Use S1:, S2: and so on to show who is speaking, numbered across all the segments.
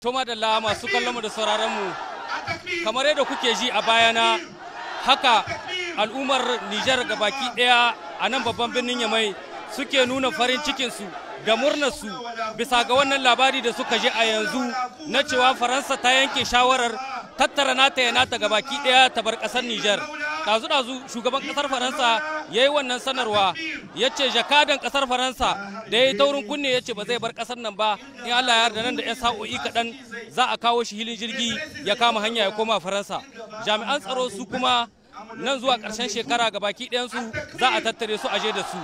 S1: tuma da la masu kallonmu da mu kamar yadda kuke ji a bayana haka al'ummar Nijar ga baki ɗaya a nan babban birnin Yamai suke nuna farin cikinsu da su bisa ga wannan labari da suka ji a yanzu na cewa Faransa ta yanke shawarar tattara nata ya nata ga baki ɗaya ta bar ƙasar Nijar. dazu-dazu shugaban kasar faransa ya yi wannan sanarwa ya ce jakadan kasar faransa da ya yi taurin kunne ya ce ba zai bar kasar nan ba in allah ya yarda nan da 'yan sa'o'i kaɗan za a kawo shi hilin jirgi ya kama hanya ya koma faransa jami'an tsaro su kuma nan zuwa karshen shekara ga baki ɗayansu za a tattare su aje da su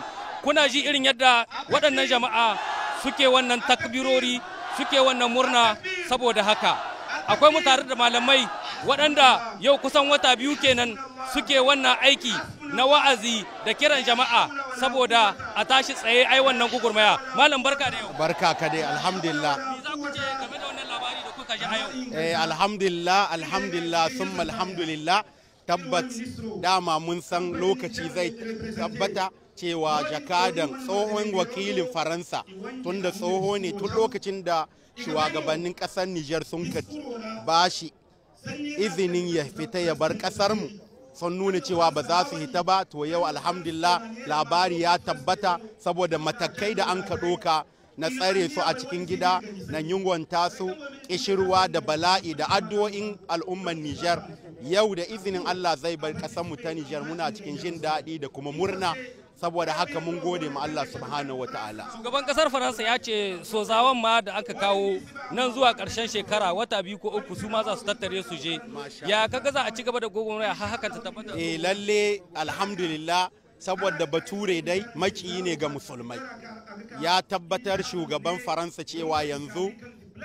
S1: kuna ji irin yadda waɗannan jama'a suke wannan takbirori suke wannan murna saboda haka akwai mu da malamai waɗanda yau kusan wata biyu kenan suke wannan aiki na wa'azi da kiran jama'a saboda a tashi tsaye ai wannan gugurmaya malam barka da yau
S2: barka ka dai alhamdulillah eh alhamdulillah alhamdulillah summa alhamdulillah tabbat dama mun san lokaci zai tabbata cewa jakadan tsohon wakilin faransa tunda tsoho ne tun lokacin da shugabannin kasar Nijar sun ba shi izinin ya fita ya bar mu sun nuna cewa ba za su hita ba to yau alhamdulillah labari ya tabbata saboda matakai da an ka ɗoka na tsare su a cikin gida na yunwanta su ƙishirwa da bala'i da addu'o'in al'ummar Nijar yau da izinin Allah zai bar mu ta Nijar muna cikin jin daɗi da kuma murna saboda haka mun gode ma Allah subhanahu wa ta'ala
S1: shugaban kasar faransa ya ce so zawon ma da aka kawo nan zuwa karshen shekara wata biyu ko uku su ma za su tattare su je ya kaga za a ci gaba da raya har haka ta tabbata
S2: eh lalle alhamdulillah saboda bature dai makiyi ne ga musulmai ya tabbatar shugaban faransa cewa yanzu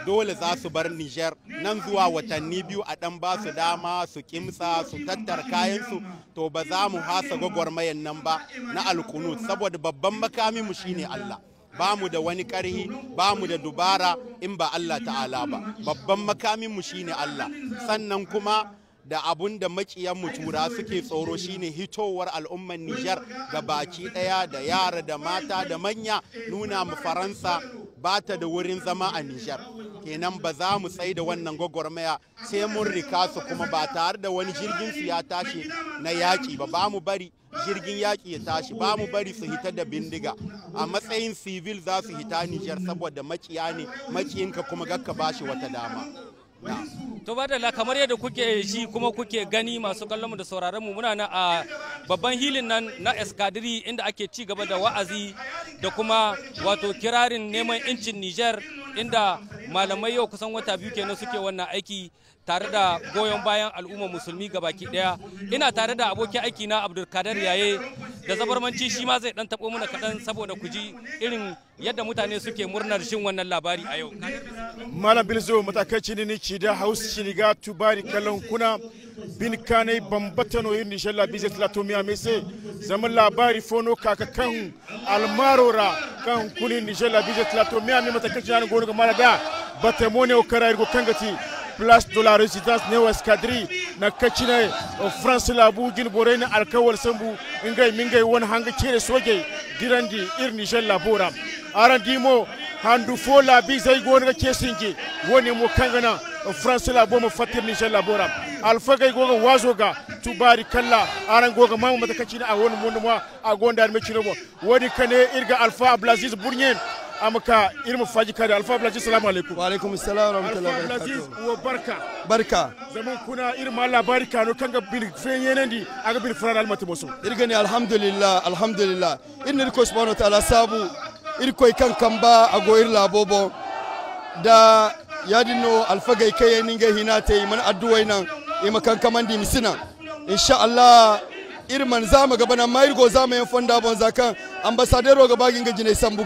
S2: dole za su bar Nijar nan zuwa watanni biyu a dan ba su dama su kimsa su tattar kayansu to ba za mu hasa gwagwarmayan nan ba na alkunut saboda babban makami mu shine Allah ba mu da wani karhi ba mu da dubara in ba Allah ta'ala ba babban makamin mu shine Allah sannan kuma da abun da makiyan tura suke tsoro shine hitowar al'ummar Nijar ga baki daya da yara da mata da manya nuna mu Faransa ba ta da wurin zama a Nijar. Kenan ba za mu tsaye da wannan gwagwarmaya sai mun rika su kuma ba tare da wani jirgin su ya tashi na yaƙi ba ba mu bari jirgin yaƙi ya tashi ba mu bari su hita da bindiga a matsayin civil za su hita Nijar saboda maciya ne maciyinka kuma gakka bashi wata
S1: dama. to ba da kamar yadda kuke shi kuma kuke gani masu kallon mu da sauraron mu muna na a babban hilin nan na eskadiri inda ake ci gaba da wa'azi da kuma wato kirarin neman incin Niger inda malamai yau kusan wata biyu kenan suke wannan aiki tare da goyon bayan al'umma musulmi ga baki daya ina tare da abokin aiki na abdulkadir yaye da zabarmanci shi ma zai dan tabo mana kaɗan saboda ku ji irin yadda mutane suke murnar shin wannan labari a yau
S3: malam bilzo matakaci ne ki da haus ga tubari kallon kuna bin kanai no yin nishalla miya mai sai zaman labari fono kaka kan almarora kan bi zai bizet miya mai matakaci na gona ga malaga da batemone irgo kangati place de la résidence néo Escadri na kacina France labu gilbore ni alkawal sambu ingai mingai wani hanga cire soje dirandi ir la labora arandi mo handu fo bi zai gon ga kesingi wani mo kangana France labo mo fatir Niger labora alfa gai goga wazo ga tubari kalla aran goga mamu mata kacina a wani mo a gonda me cire wani kane irga alfa blaziz bournien amka irmu faji kare alfa blaji salamu alaikum wa alaikum salamu alaikum alfa blaji wa barka barka zaman kuna irma Allah barika no kanga bil fen yenandi
S4: aga bil fran almati moso irgani alhamdulillah alhamdulillah inni ko subhanahu wa ta'ala sabu irko kan kamba ago irla bobo da yadino alfagai kayanin ga hinate man adduwai nan imakan kamandi misina insha Allah irman zama gabana mairgo zama yan fonda bon zakan ambassadeur ga bagin ga jine sambu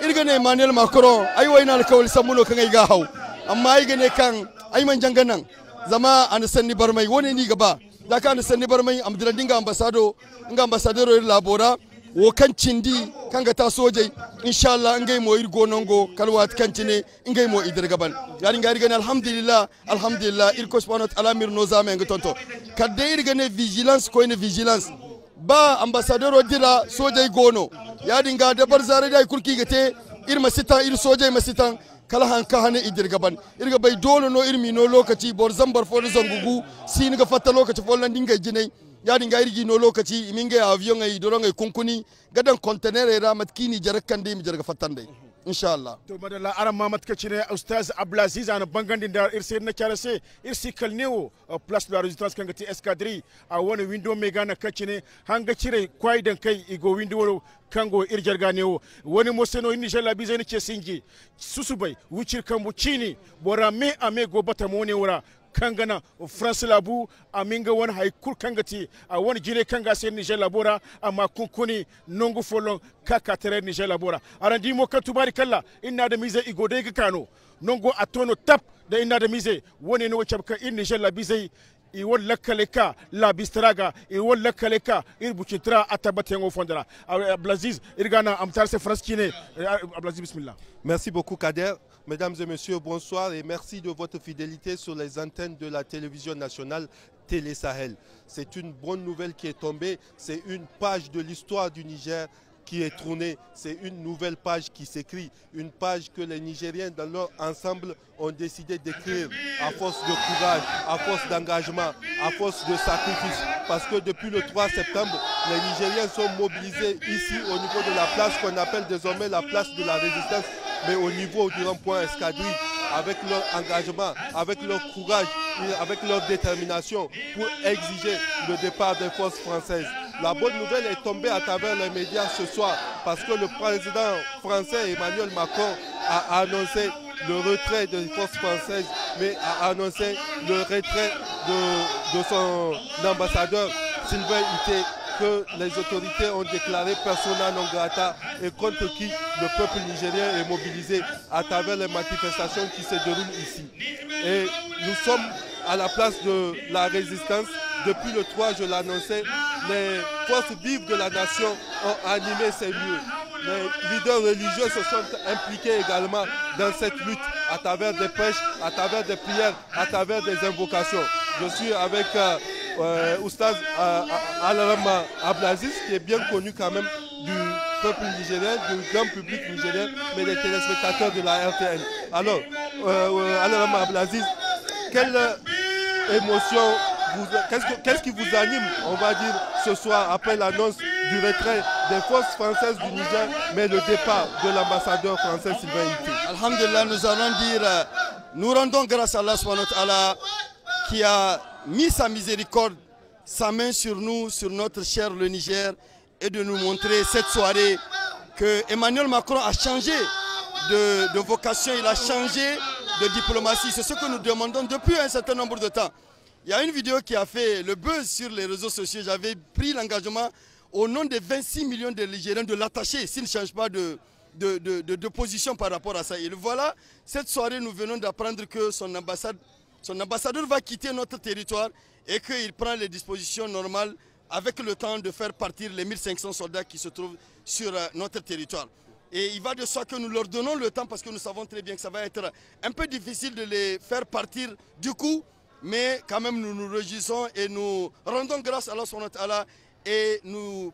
S4: irga ne Emmanuel Macron ai waina alkawal sambuno kan ai ga hau amma ai gane kan ai man janganan zama an sanni barmai wani ni gaba zakan ka an sanni barmai am dinga ambassadeur nga ambassadeur labora wo kan cindi kan kanga ta insha Allah an gaimo ir gonongo kalwat kan cine in gaimo idir gaban yari ngari gane alhamdulillah alhamdulillah ir ko subhanahu mir no zame ngi tonto kadde ir gane vigilance ko ne vigilance ba ambassadeur o dira sojai gono yadi nga bar zare dai kulki gate ir masita ir sojai masita kala han ka hane idir gaban irga bai dole no ir mi no lokaci bor zambar fo zangugu sin ga fatta lokaci fo landinga jinai yadin ga irgi no lokaci min ga avion ga doron ga kunkuni gadan container ra matkini
S3: jarakan dai mi jarga fatan dai insha Allah to madalla aran ma matka cire ustaz Abdulaziz an bangandin da irse na kyara se irsi kalnewo uh, plus la resistance kan ti escadri a wani window mai gana kacine hanga cire kwai dan kai igo window kango irjar ganewo wani moseno ni jalla bizai ne ke singi susubai wucir kan bucini bora me ame go mone wura kangana france labu a minga wani haikur kangati a wani jire kanga sai niger labora amma kunkuni nongu folon kaka tare niger labora aran dimo kan tubari kalla ina da mize dai ga kano nongo atono tap da ina da mize wani ne wacce ka in niger zai i wol lakkale labistraga i wol lakkale ka ir bucitira a tabbatengo a ablaziz irgana amtar se france kine a ablaziz bismillah merci beaucoup kader Mesdames et messieurs, bonsoir et merci
S5: de votre fidélité sur les antennes de la télévision nationale Télé Sahel. C'est une bonne nouvelle qui est tombée, c'est une page de l'histoire du Niger qui est tournée, c'est une nouvelle page qui s'écrit, une page que les Nigériens dans leur ensemble ont décidé d'écrire à force de courage, à force d'engagement, à force de sacrifice. Parce que depuis le 3 septembre, les Nigériens sont mobilisés ici au niveau de la place qu'on appelle désormais la place de la résistance mais au niveau du rond-point escadrille, avec leur engagement, avec leur courage, avec leur détermination pour exiger le départ des forces françaises. La bonne nouvelle est tombée à travers les médias ce soir parce que le président français Emmanuel Macron a annoncé le retrait des forces françaises, mais a annoncé le retrait de, son ambassadeur Sylvain Ité les autorités ont déclaré persona non grata et contre qui le peuple nigérien est mobilisé à travers les manifestations qui se déroulent ici. Et nous sommes à la place de la résistance. Depuis le 3, je l'annonçais, les forces vives de la nation ont animé ces lieux. Les leaders religieux se sont impliqués également dans cette lutte à travers des prêches, à travers des prières, à travers des invocations. Je suis avec euh, euh, Oustaz euh, euh, Alarama Ablaziz, qui est bien connu quand même du peuple nigérien, du grand public nigérien, mais les téléspectateurs de la RTN. Alors, euh, euh Alarama Ablaziz, quelle émotion, qu'est-ce qui vous anime, on va dire, ce soir, après l'annonce du retrait des forces françaises du Niger, mais le départ de l'ambassadeur français Sylvain Alhamdulillah, nous allons dire, nous
S4: rendons grâce à Allah qui a mis sa miséricorde, sa main sur nous, sur notre cher le Niger, et de nous montrer cette soirée que Emmanuel Macron a changé de, vocation, il a changé de diplomatie. C'est ce que nous demandons depuis un certain nombre de temps. Il y a une vidéo qui a fait le buzz sur les réseaux sociaux. J'avais pris l'engagement au nom des 26 millions de Nigériens de l'attacher s'il ne change pas de, de, position par rapport à ça. Et voilà, cette soirée, nous venons d'apprendre que son ambassade son ambassadeur va quitter notre territoire et qu'il prend les dispositions normales avec le temps de faire partir les 1500 soldats qui se trouvent sur euh, notre territoire. Et il va de soi que nous leur donnons le temps parce que nous savons très bien que ça va être un peu difficile de les faire partir du coup, mais quand même nous nous réjouissons et nous rendons grâce à Allah et nous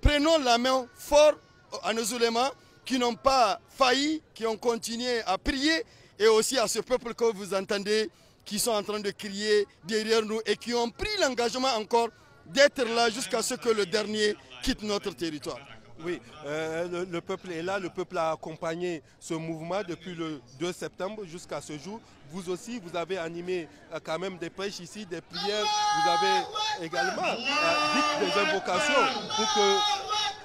S4: prenons la main fort à nos ulémas qui n'ont pas failli, qui ont continué à prier et aussi à ce peuple que vous entendez qui sont en train de crier derrière nous et qui ont pris l'engagement encore
S5: d'être là jusqu'à ce que le dernier quitte notre territoire. Oui, euh, le, peuple est là, le peuple a accompagné ce mouvement depuis le 2 septembre jusqu'à ce jour. Vous aussi, vous avez animé euh, quand même des prêches ici, des prières, vous avez également euh, dit des invocations pour que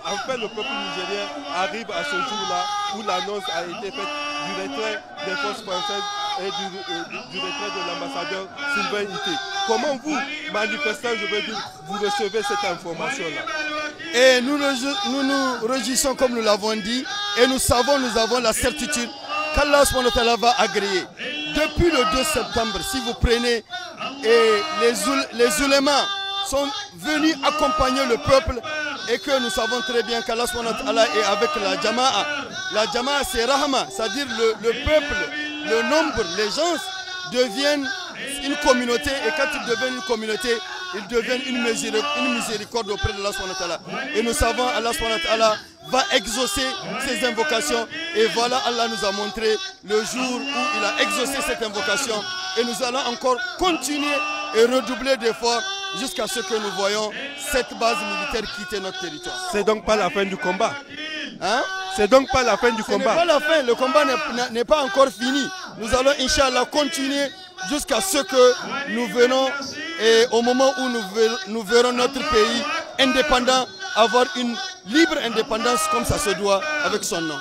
S5: enfin le peuple nigérien arrive à ce jour-là où l'annonce a été faite du retrait des forces françaises et du, retrait de l'ambassadeur Sylvain Ité. Comment vous, manifestants, je veux dire,
S4: vous recevez cette information-là Et nous, nous nous réjouissons comme nous l'avons dit et nous savons, nous avons la certitude qu'Allah va agréer. Depuis le 2 septembre, si vous prenez, et les, les ulémas sont venus accompagner le peuple et que nous savons très bien qu'Allah est avec la Jama'a. La Jama'a, c'est Rahma, c'est-à-dire le peuple le nombre, les gens deviennent une communauté et quand ils deviennent une communauté, ils deviennent une miséricorde, auprès de Allah Et nous savons Allah va exaucer ses invocations et voilà Allah nous a montré le jour où il a exaucé cette invocation et nous allons encore continuer et redoubler d'efforts jusqu'à ce que nous voyons cette base militaire quitter notre territoire. C'est donc pas la fin du combat. Hein C'est donc pas la fin du Ce combat. pas la fin, le combat n'est pas encore fini. Nous allons, Inch'Allah, continuer jusqu'à ce que nous venons et au moment où nous verrons notre pays indépendant avoir une libre indépendance comme ça se doit
S5: avec son nom.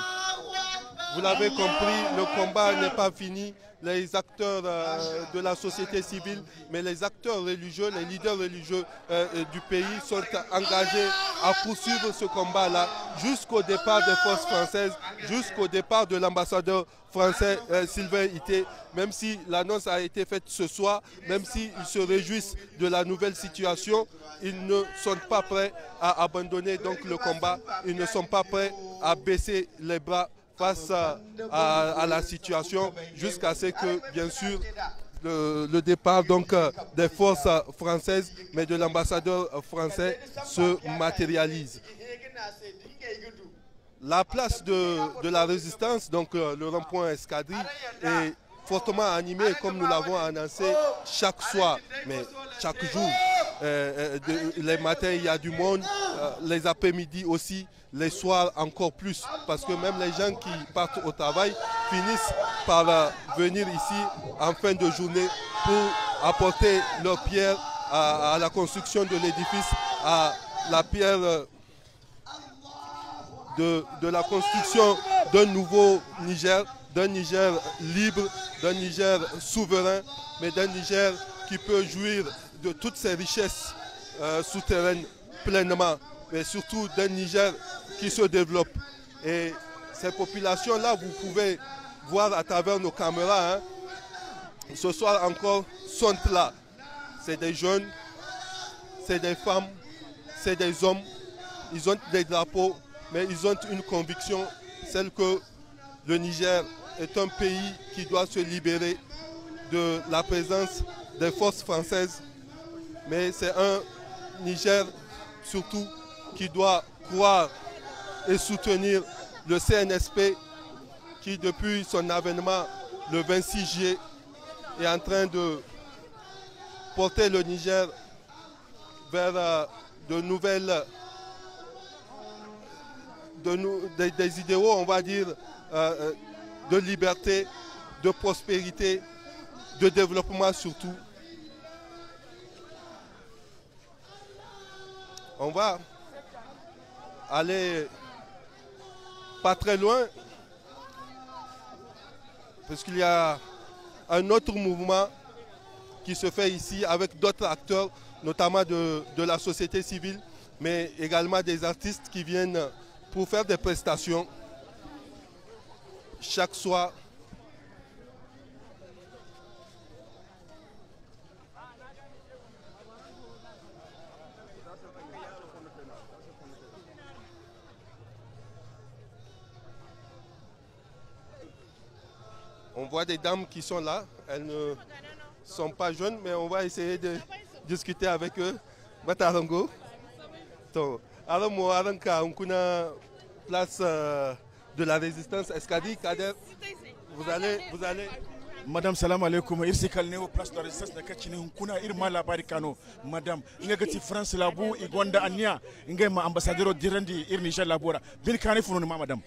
S5: Vous l'avez compris, le combat n'est pas fini. Les acteurs euh, de la société civile, mais les acteurs religieux, les leaders religieux euh, euh, du pays sont engagés à poursuivre ce combat-là jusqu'au départ des forces françaises, jusqu'au départ de l'ambassadeur français Sylvain Ité, même si l'annonce a été faite ce soir, même s'ils se réjouissent de la nouvelle situation, ils ne sont pas prêts à abandonner donc le combat, ils ne sont pas prêts à baisser les bras face à, la situation jusqu'à ce que, bien sûr, le, départ donc euh, des forces françaises, mais de l'ambassadeur français se matérialise. La place de, la résistance, donc euh, le rond-point escadrille, est fortement animée, comme nous l'avons annoncé chaque soir, mais chaque jour. Euh, les matins, il y a du monde, les après-midi aussi les soirs encore plus, parce que même les gens qui partent au travail finissent par euh, venir ici en fin de journée pour apporter leur pierre à, la construction de l'édifice, à la pierre euh, de, de la construction d'un nouveau Niger, d'un Niger libre, d'un Niger souverain, mais d'un Niger qui peut jouir de toutes ses richesses euh, souterraines pleinement, mais surtout d'un Niger qui se développe Et ces populations-là, vous pouvez voir à travers nos caméras, hein. ce soir encore, sont là. C'est des jeunes, c'est des femmes, c'est des hommes. Ils ont des drapeaux, mais ils ont une conviction, celle que le Niger est un pays qui doit se libérer de la présence des forces françaises. Mais c'est un Niger surtout qui doit croire et soutenir le CNSP qui, depuis son avènement le 26 juillet, est en train de porter le Niger vers euh, de nouvelles, de, des, idéaux, on va dire, euh, euh, de liberté, de prospérité, de développement surtout. On va aller
S6: pas très loin,
S5: parce qu'il y a un autre mouvement qui se fait ici avec d'autres acteurs, notamment de, la société civile, mais également des artistes qui viennent pour faire des prestations chaque soir voit des dames qui sont là. Elles ne sont pas jeunes, mais on va essayer de discuter avec eux. Batarongo. Donc, alors moi, Aranka, on kuna place euh,
S3: de la résistance. Escadi, Kader, vous allez, vous allez. madame salam alaikum irsi kal ne place de la résistance kaci ne kuna irma labari kano madame négatif france labour Iguanda anya inga ma ambassadeur Direndi, ir labora bien carré ma madame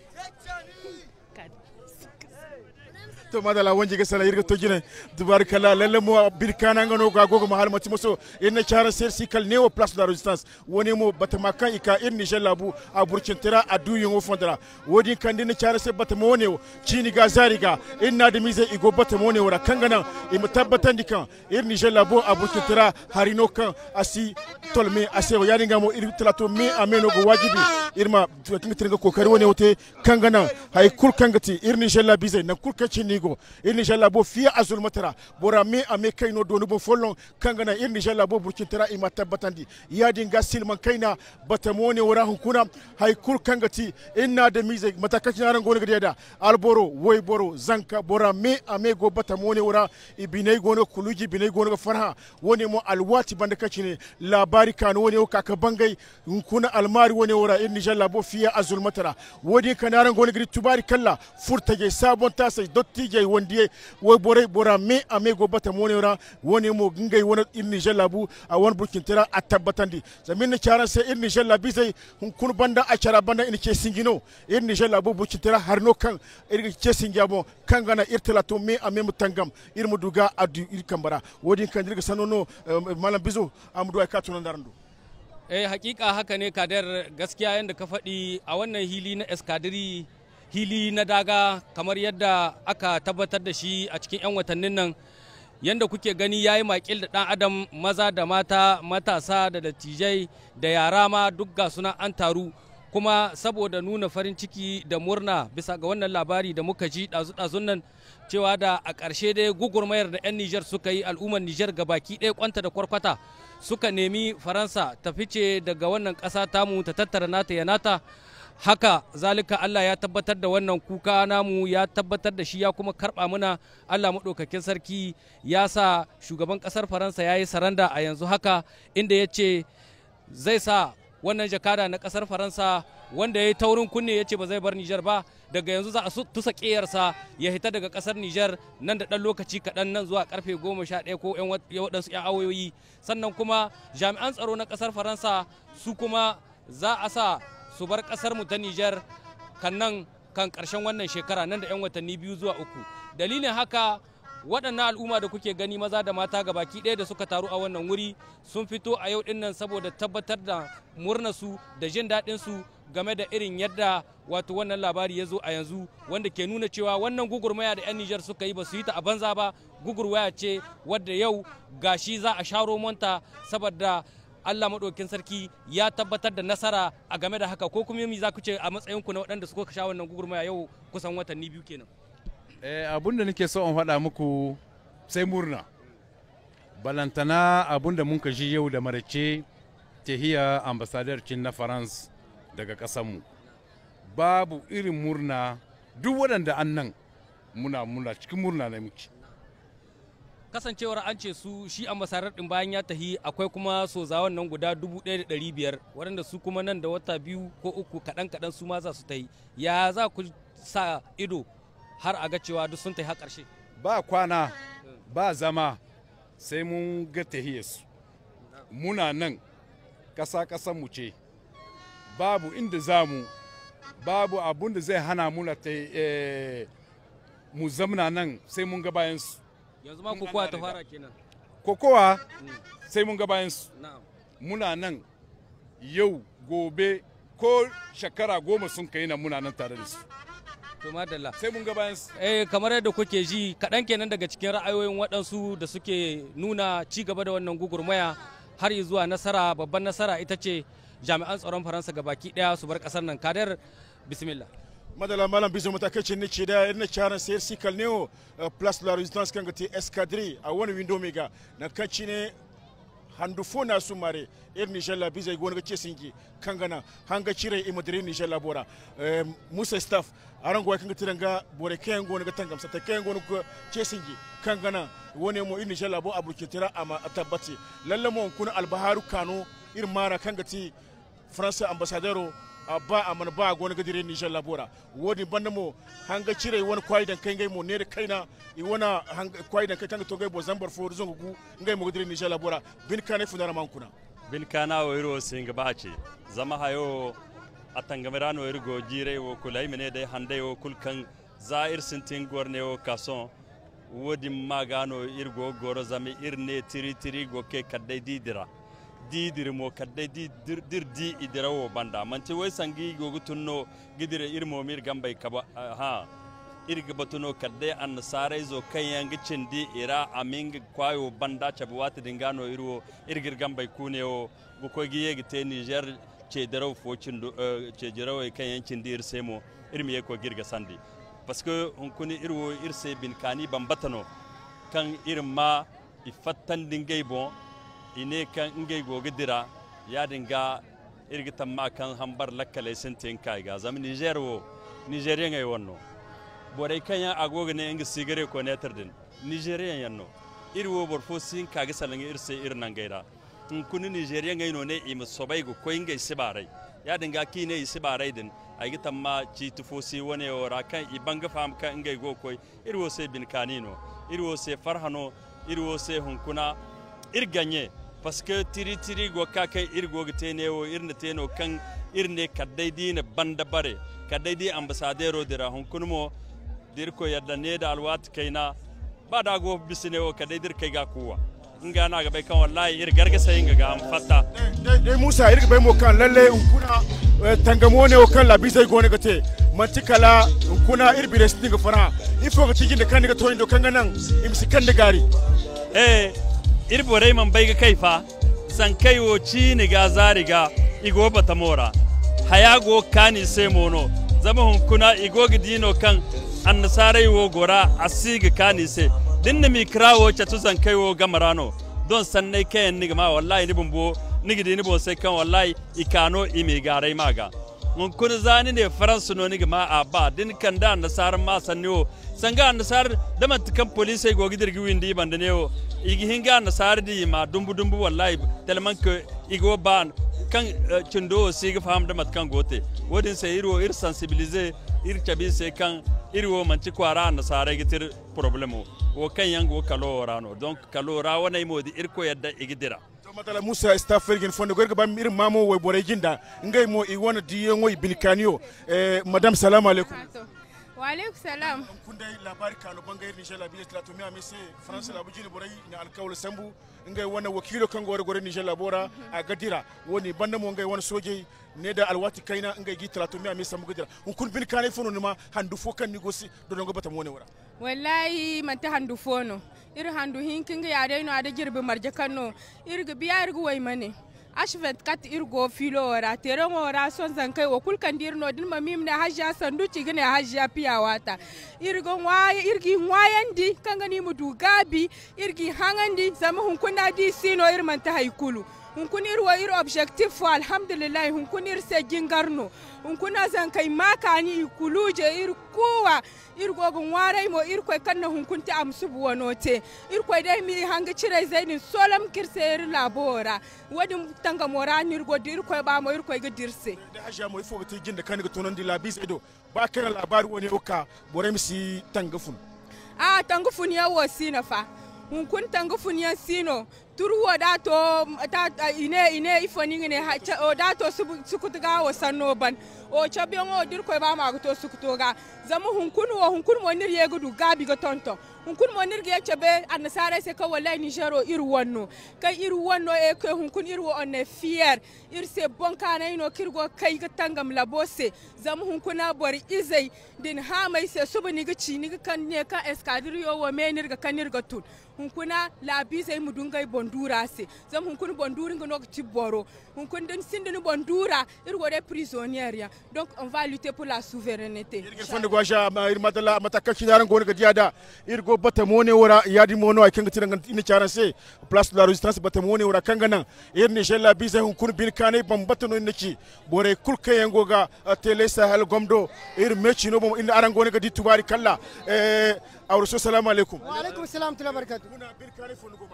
S3: to madala wonji ga sala yirga tojine dubarkala lalle mo birkana ngano ga gogo mahal mati moso inna chara sersi kal neo place de la resistance woni mo batama kan ika in niger labu a burkin tira a duyin wo fondra wodi kandi na chara se batama woni wo chini ga zariga inna de mise igo batama woni wora kangana e mo tabbatan dikan in niger labu a burkin tira harino kan asi tolme ase wo yaringa mo ir tlato me ameno go wajibi irma tuwa kinga tinga kokari woni wote kangana hay kul kangati ir niger labu na kul kacini digo il niger labo fiya azul matara bora mi ame kaino doni bo folon kangana il niger labo burkin tara ima tabbatandi yadi nga silman kaina batamone wara hunkuna hay kur kangati inna da mize matakakin aran goni gadiada alboro way boro zanka bora mi ame go batamone wara ibinai gono kuluji binai gono farha woni mo alwati bandakacine labari kano woni kaka bangai hunkuna almari woni wara il niger labo fiya azul matara wodi kanaran goni gidi tubari kala furtage sabon tasai dotti jai wondiye wo bore bora mi ame go bata mone ora woni mo ngai wona in Niger a won burkin tira a tabbatandi zamin ne charan sai in Niger sai hun kun banda a chara banda in ke singino in Niger labu harno kan in ke singamo kan gana irtala to me ame mutangam ir muduga adu ir kambara wodin kan dirga sanono eh, malam bizo amdu ay katunan darandu
S1: eh hakika haka ne kadar gaskiya yanda ka faɗi a wannan hili na eskadiri hili na daga kamar yadda aka tabbatar da shi a cikin 'yan watannin nan yadda kuke gani ya yi makil da ɗan adam maza da mata matasa da dattijai da yara ma duk ga suna an taru kuma saboda nuna farin ciki da murna bisa ga wannan labari da muka ji ɗazu-ɗazun nan cewa da a ƙarshe dai gugurmayar da 'yan nijar suka yi al'ummar nijar baki ɗaya kwanta da kwarkwata suka nemi faransa ta fice daga wannan ƙasa tamu ta tattara nata ya nata haka zalika Allah ya tabbatar da wannan kuka namu ya tabbatar da shi ya kuma karba muna Allah madaukakin sarki ya sa shugaban ƙasar faransa ya yi saranda a yanzu haka inda ya ce zai sa wannan jakada na kasar faransa wanda ya yi taurin kunne ya ce ba zai bar Nijar ba daga yanzu za a tusa kiyarsa ya hita daga kasar Nijar nan da ɗan lokaci kaɗan nan zuwa karfe goma sha ɗaya ko waɗansu 'yan awoyoyi sannan kuma jami'an tsaro na kasar faransa su kuma za a sa su bar kasar mu ta Nijar kan nan kan karshen wannan shekara nan da 'yan watanni biyu zuwa uku dalilin haka waɗannan al'umma da kuke gani maza da mata ga baki ɗaya da suka taru a wannan wuri sun fito a yau ɗin nan saboda tabbatar da su da jin daɗin su game da irin yadda wato wannan labari ya zo a yanzu wanda ke nuna cewa wannan gugurmaya da 'yan Nijar suka yi ba su yi ta a banza ba gugurwaya ce wadda yau gashi za a sharo manta saboda Allah maɗaukin sarki ya tabbatar da nasara a game da haka ko kuma mi za ku ce a matsayin ku na waɗanda suka sha wannan gugurmaya yau kusan watanni biyu kenan.
S7: Eh, abun da nake so in faɗa muku sai murna. Balantana abun da mun ka ji yau da marace tahiya ambasadar cin na France daga ƙasanmu. Babu irin murna duk waɗanda annan muna muna cikin murna na muke.
S1: kasancewar an ce su shi a masarar din bayan ya tahi akwai kuma sozawan nan guda 1,500 waɗanda su kuma nan da wata biyu ko uku kaɗan kaɗan su ma za su tahi ya za ku sa ido har a ga cewa duk sun tahi har ƙarshe ba kwana
S7: ba zama sai mun ga tahiyarsu muna nan ƙasa mu ce babu inda za mu babu abun da zai hana mu eh, zamna nan sai mun ga bayansu
S1: yanzu ma kokowa ta fara kenan kokowa
S7: sai mun ga bayan su muna nan yau gobe ko shekara goma sun kai nan muna nan tare da su
S1: to madalla sai mun ga bayan su eh kamar yadda kuke ji kaɗan kenan daga cikin ra'ayoyin waɗansu da suke nuna ci gaba da wannan gugurmaya har zuwa nasara babban nasara ita ce jami'an tsaron faransa gabaki ɗaya su bar ƙasar nan kadar bismillah madala
S3: malam bizo mata kace ne ce da na charan sayar sikal ne o eh, place la resistance kan gati escadri a wani window mega na kace ne handu fo na su mare ir er nijar la bizai gona ce singi kangana hanga cire i madire nijar la bora eh, musa staff aran go kan tiranga bore kayan gona tangam sa ta kayan gona ko ce singi kangana wone mo ir er nijar la bo aburke tira ama tabbati lalle mo kun albaharu kano ir mara kan gati france ambassadeur ba a man ba gon gajire Niger labora wodi banda mo hanga cire won kwai dan kai ngai mo ne kaina i wana hanga kwai dan kai tanga to gai bo zambar fo zongo gu ngai mo gajire Niger labora bin kane
S8: funara man kuna bin kana o iro singa ce zama hayo atangamerano irgo jire wo kulai mene dai hande wo kulkan zair sintin gorne wo kason wodi magano irgo goro zami irne tiri tiri go ke kadai didira didirmo kadde dir di idirawo banda manti way sangi gogu tunno gidire irmo mir gambay kaba eh, ha irga batuno kadde an sare zo kayan gicin di ira amin kwayo banda chabuwati dingano irwo irgir gambay kuneo gukogi yegite niger ce darau focin eh, ce jarawai kan yankin dir semo irmi yeko girga sandi parce que on kuni irwo irse bin kani bambatano kan irin ma ifattan dingay bon ine kan ingay goga dira yadinga irgitan ma kan hambar lakkalaisintin kaiga zama niger wo nigerian ay wanno boray ne inga sigare ko netardin nigeria yanno iri bor fo sin kaga salanga irse irnan gaira in kuni nigerian ay no ne ima sobay go ko inga isibarai yadinga kine isibarai din aygi tamma ciitu fo si wone wora kan i banga fam kan ingay go iri se bin kanino iri se farhano iri se hunkuna irganye paske tiri tiri go ka kai irgo ne wo irne teno kan ne kadai ne banda bare kadai di ambassadero dira hon dir dirko yadda ne da alwat kaina ba da go bisine wo kadai dir kai ga kuwa nga na ga bai kan wallahi ir sai nga ga amfata.
S3: dai musa ir bai mo kan lalle in kuna eh, tangamo ne wo kan labisai go ne ga te matikala
S8: kuna irbire stinga fara ifo ga tigin da kan ga toyin do kan nan imsi kan da gari eh irbore man ga kaifa sankayo ciniga zariga igo mora hayago kani mono zama hunkuna igogi dino kan annasarai wo gora asiga kani se dinna mi krawo chatu ga gamarano don sannai kayan nigama wallahi nibumbo nigidi bo sai kan wallahi ikano imi garai maga mun kuni faransu noni ma a ba din kanda anasar ma sanniwo sanga anasar damantikan polise gogidirgi windi o igi hinga nasarar di ma dumbu dumbu wallahi talman ke igi ban kan eh, cindo ga faham damatkan gote wadin sai iro ir sensibilize ir sai kan irwo manci kwara nasarar gitir problemo wo kan yango no donc kalora wona imodi irko yadda igidira
S3: matala musa e stafer gen fonde gorko bam ir mamo way e bore jinda ngay mo i e wona diye ngoy bilkanio eh madame salam alaikum
S9: wa alaikum salam kunde labari
S3: kano bangay niger la bilis la to mi amese france la bujini bore ni alkawle sambu ngay wona wakilo kan gore gore niger la bora mhm. a gadira woni banda mo ngay wona soje ne da alwati kaina ngay gi 30 mi amese sambu gadira kun bilkanai fono ma handu fokan ni gosi do dongo batam woni wora
S9: wallahi man ta handu fono ir handu hinkinga yare no ada girbi marje kanno irga biya irga wai mane ashvet kat irgo filo ora tere wara son kai wa kulkan dir no din mamim ne hajja sandu gine hajja piyawata irgo waye irgi wayandi kangani mu dugabi irgi hangandi zama hunkuna di sino irman ta haikulu hunkunir woyir objectif fo alhamdulillahi hunkunir se jingarno hunkuna zan kai makani ikuluje ir kuwa ir gogun warai mo ir koy kanna hunkunti am subu wonote ir koy dai mi hanga cire zainin solam kirse ir labora wadin tanga morani ir godir koy ba mo ir koy gidirse
S3: da haja mo ifo ti ginda kaniga tonon di labis edo ba kana labari woni oka borem si tangafun
S9: a ah, tangafun yawo fa hunkun tangafun yan sino da dato ta ine ine ifoni ha o dato sukutuga o sanno ban o chabion o ko e ba ma to sukutoga zamu hunkun wo hunkun mo nir e gudu du gabi ga tonto hunkun mo nir ge e an sare se ko wallahi nigero ir wonno kai ir wonno e ko hunkun wo on ne fier ir se bon kana ino kirgo kai ga tangam bosse zamu hunkuna bor izai din ha mai se subni ga ci ni kan ne ka escadrio wo menir ga kanir ga tun hunkuna mu mudungai bon bondura se zam hun kun bonduri hun kun den sinde ni bondura ir prisonnière ya donc on va lutter pour la souveraineté
S3: ir ir matala ne da ir go bata wora yadi mono ay kanga charan se place de la résistance wora kanga nan ir ni hun kun bin kane bore yango ga tele gomdo ir mechi no bom aran go ne gadi tubari eh alaikum
S10: wa alaikum salam muna kane go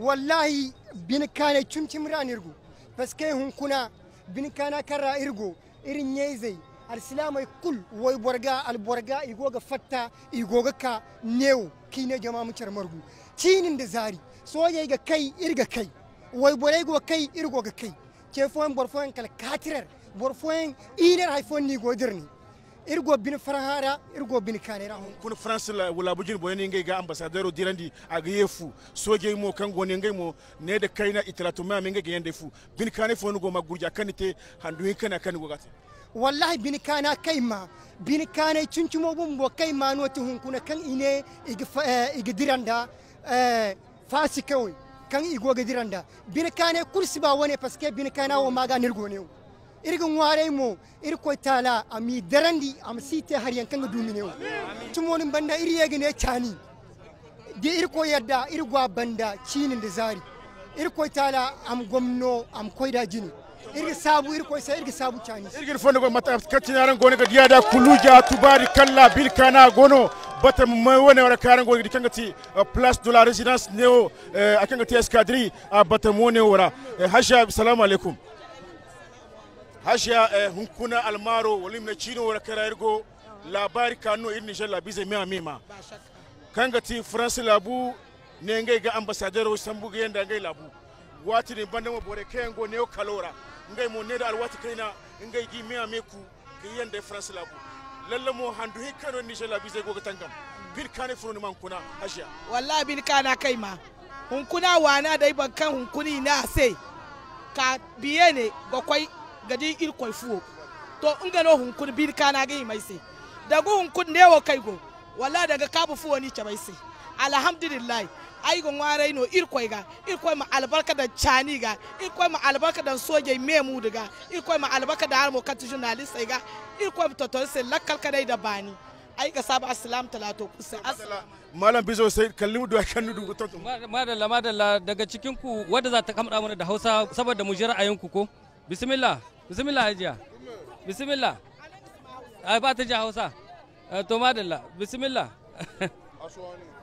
S10: والله بين كان تشم تمران يرجو بس كي هم كنا بين كان كرا إرجو إرنيزي السلام كل ويبرجع البرجع يجوا فتا يجوا كا نيو كينا جماعة مشر مرجو تين الدزاري سواء يجا كي إرجع كي ويبرجع يجوج كي إرجوج كي كيفون برفون كلا كاتر برفون إينر هايفون نيجو درني irgo bin farahara irgo bin kanera hon
S3: kun france la wala bujin boyen ngay ga ambassadeur dirandi ag yefu soje mo kan goni ngay mo ne de kaina itratu ma min ngai yende fu bin kane fo go magurja kanite handu hin kana kan go gata
S10: wallahi bin kana kayma bin kana cincumo bumbo kaima no ti hun kuna kan ine ig eh, diranda eh, fasi kan igo ga diranda bin kana kursi ba wani paske bin kana o maga nirgo ne irgin warai mo ir ko tala ami darandi am site har yankan ga dumine o tumonin banda iri yegine chani de ir ko yadda irgwa banda cinin da zari irko tala am gomno am koida jini irgi sabu irko sai irgi sabu chani
S3: irgi fondo go mata kacin yaran gone ga diada kuluja tubari kalla bilkana gono bata mai wani wani karan gogi kan gati plus de la residence neo eh, akan gati a bata mone ne wara eh, hasha assalamu alaikum hasha eh, hunkuna almaro walim na chino wala karargo labari kano irin nijar labize mema mema kan ga ti france labu ne ngai ga ambassadeur wa sambu ga yanda ngai labu wati ne banda mo bore ngo ne o kalora ngai mo ne da alwati kaina ngai gi mema meku ga yanda france labu lalle mo handu he kano nijar labize go tangam bil kane furu man kuna hasha
S11: wallahi bil kana kai ma hunkuna wana dai ban hunkuni na sai ka biye ne bakwai gadi ir koy fuwo to unga no hun kun bir kana ga mai sai daga hun kun ne wo kai go walla daga kabu fuwo ni ce mai sai alhamdulillah ai go ngware no ir koy ga ir koy ma albarka da chani ga ir koy ma albarka da soje memu daga ir koy ma albarka da harmo kat journalist ga ir koy to to sai lakkal dai da bani ai ka saba assalam talato kusa
S3: malam bizo sai kalli mu da kan dubu to
S1: madalla madalla daga cikin ku wanda za ta kamra mana da Hausa saboda mu ji ra'ayin ku ko bismillah bismillah ajiya bismillah ai ba ta ji hausa eh, to madalla bismillah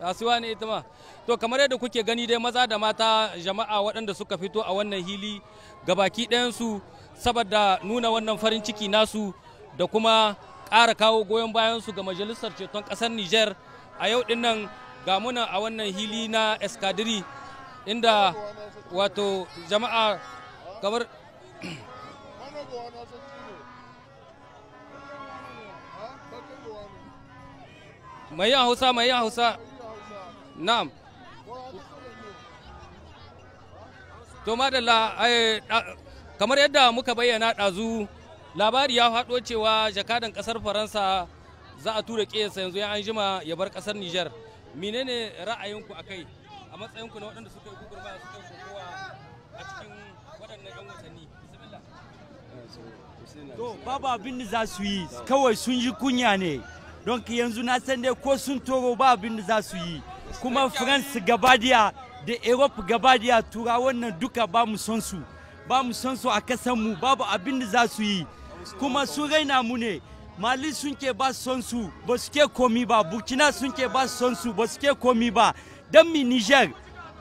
S1: asuwani ita ma to kamar yadda kuke gani dai maza da mata jama'a waɗanda suka fito a wannan hili gabaki ɗayansu saboda nuna wannan farin ciki nasu da kuma ƙara kawo goyon bayansu ga majalisar ceton ƙasar niger a yau ɗin nan ga muna a wannan hili na eskadiri inda wato jama'a kamar
S12: ruwa na san shi
S1: ne mai yin hausa mai to madalla kamar yadda muka bayyana ɗazu labari ya faɗo cewa jakadan ƙasar faransa za a tura ƙesa yanzu ya anjima ya bar ƙasar niger menene ra'ayinku a kai a matsayinku na waɗanda suka yi gugurma suka yi kokowa a cikin
S13: to babu abin da za su yi kawai sun yi kunya ne don yanzu na san dai ko sun toro ba abin da za su yi kuma france gabadiya da europe gabadiya tura wannan duka ba mu son su ba mu son su a kasan mu babu abin da za su yi kuma sun raina mu ne mali sun ke ba son su ba su ke komi ba burkina sun ke ba son su ba su ke komi ba don mi niger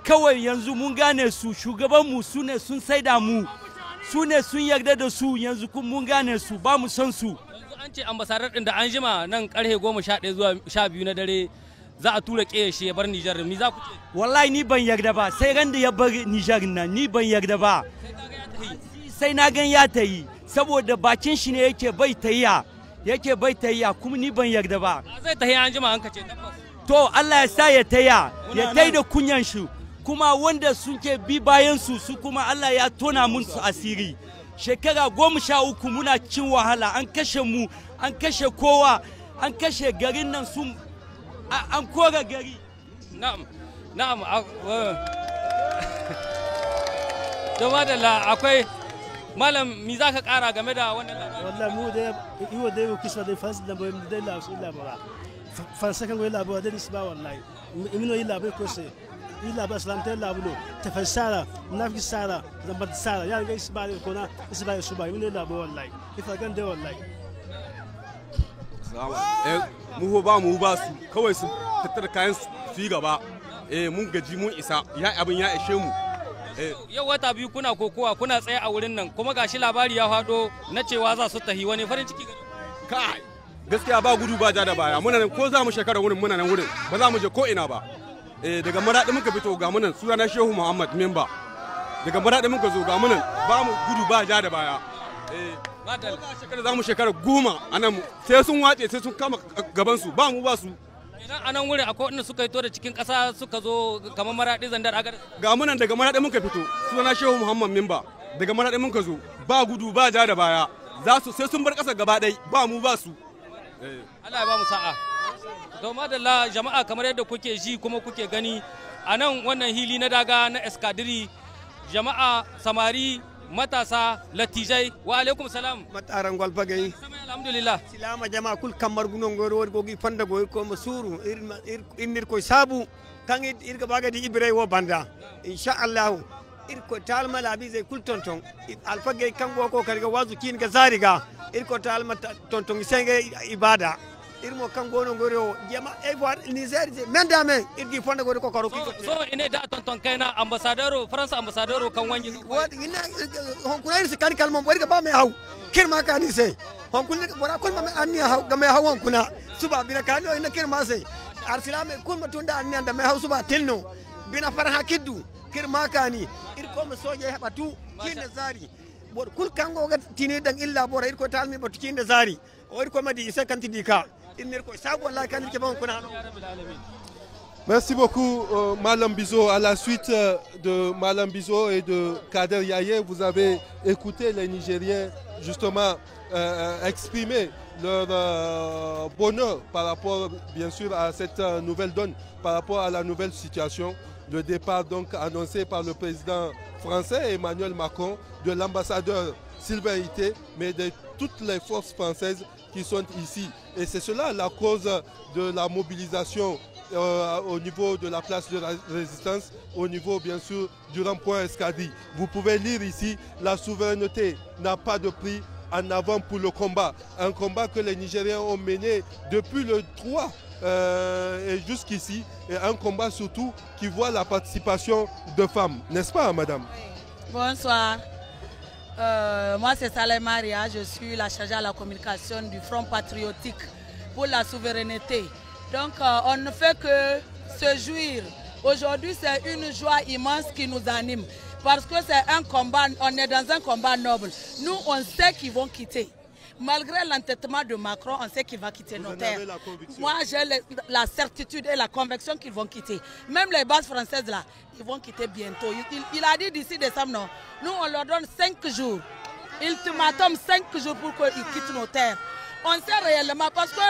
S13: kawai yanzu mun gane su shugabanmu su ne sun saida mu su ne sun yarda da su yanzu kun mun gane su ba mu son su yanzu
S1: an ce ambasadar din da an jima nan karhe goma sha ɗaya zuwa sha biyu na dare za a tura ƙeya shi ya bar Nijar mi za ku ce wallahi ni ban
S13: yarda ba sai ran da ya bar Nijar nan ni ban yarda ba sai na gan ya tayi saboda bakin shi ne yake bai tayya yake bai tayya kuma ni ban yarda ba
S1: zai tahiya an jima an kace tabbas
S13: to Allah ya sa ya taya ya tayi da kunyan shi kuma wanda suke bi bayan su su kuma Allah ya tona mun su asiri shekara goma sha uku muna cin wahala an kashe mu an kashe kowa an kashe
S1: garin nan sun an kora gari na'am na'am da akwai malam mi za ka kara game da wannan labarin wallahi mu da iwo da yau kisa da fasi da bayan da labarin
S14: labara fansa kan wai labarin da nisba wallahi imino yi labarin ko sai illa ba islam ta labulo tafan nafi sara zambar sara ya riga isi ko kona isi bare su bare mun da labo wallahi ifa gan da wallahi
S6: eh
S1: mu ba mu ba su kawai su tattara kayan su gaba eh mun gaji mun isa ya abin ya ishe mu eh. yau wata biyu kuna kokowa kuna tsaye a wurin nan kuma gashi labari ya fado na cewa za su tahi wani farin ciki kai gaskiya ba gudu ba ja da
S14: baya muna ko za mu shekara wurin muna nan wurin ba za mu je ko ina ba Eh, daga maraɗi muka fito ga munan sunana shehu muhammad memba daga maraɗi muka zo ga munan ba mu gudu ba ja da baya
S1: eh, shekara za mu shekara
S14: goma a nan sai sun wace sai sun kama gabansu ba mu ba su
S1: idan anan wurin akwai wanda suka fito da cikin ƙasa suka zo kamar maraɗi zandar agar
S14: ga munan daga maraɗi muka fito sunana shehu muhammad memba daga maraɗi muka zo ba gudu ba ja da baya za su sai sun bar ƙasa gaba ɗai ba mu ba su
S1: eh. Allah ya ba mu sa'a Doma da la jama'a kamar yadda kuke ji kuma kuke gani a nan wannan hili na daga na eskadiri jama'a samari matasa latijai wa alaikum salam
S10: mataran gwalfa gai alhamdulillah silama jama'a kul kamar gunon goro wor gogi fanda goyi ko masuru in ko sabu kan ir ga baga di ibrai wa banda insha Allah ir ko talma labi zai kul tonton alfa gai kan goko ko karga wazu kin ga zariga ir ko talma tonton sai ga ibada irmo kanko ono ngori o jema evoir niger je men da men irgi fonde gori ko karo so, so ine
S1: da ton ton kaina ambassadeur france ambassadeur kan wangi
S10: wadi ina hon kunai se kan kalmon wari ba me haw kirma kani se hon kunni bora kun ma anni haw ga me haw hon kuna suba bina kani o ina ma se arsilame kun ma tunda anni anda me haw suba telno bina far ha kiddu kirma kani ir ko me soje heba tu kinde zari bor kul kango ga tine illa bora ir ko talmi batu kinde zari o ir ko madi isa kanti dika Merci beaucoup, euh, Malam Bizo. À la
S5: suite euh, de Malam Bizo et de Kader Yaye, vous avez écouté les Nigériens justement euh, euh, exprimer leur bonheur par rapport, bien sûr, à cette nouvelle donne, par rapport à la nouvelle situation. Le départ donc annoncé par le président français Emmanuel Macron de l'ambassadeur Sylvain mais de toutes les forces françaises qui sont ici. Et c'est cela la cause de la mobilisation euh, au niveau de la place de la résistance, au niveau bien sûr du rond-point Vous pouvez lire ici, la souveraineté n'a pas de prix en avant pour le combat. Un combat que les Nigériens ont mené depuis le 3 euh, jusqu'ici. Et un combat surtout qui voit la participation de femmes. N'est-ce pas, madame
S11: Bonsoir. Euh, moi, c'est Salem Maria, je suis la chargée à la communication du Front patriotique pour la souveraineté. Donc, euh, on ne fait que se jouir. Aujourd'hui, c'est une joie immense qui nous anime parce que c'est un combat, on est dans un combat noble. Nous, on sait qu'ils vont quitter. Malgré l'entêtement de Macron, on sait qu'il va quitter nos terres. Moi, j'ai la certitude et la conviction qu'ils vont quitter. Même les bases françaises, là, ils vont quitter bientôt. Il, a dit d'ici décembre, non. Nous, on leur donne cinq jours. Ils m'attendent cinq jours pour qu'ils quittent nos terres. On sait réellement parce que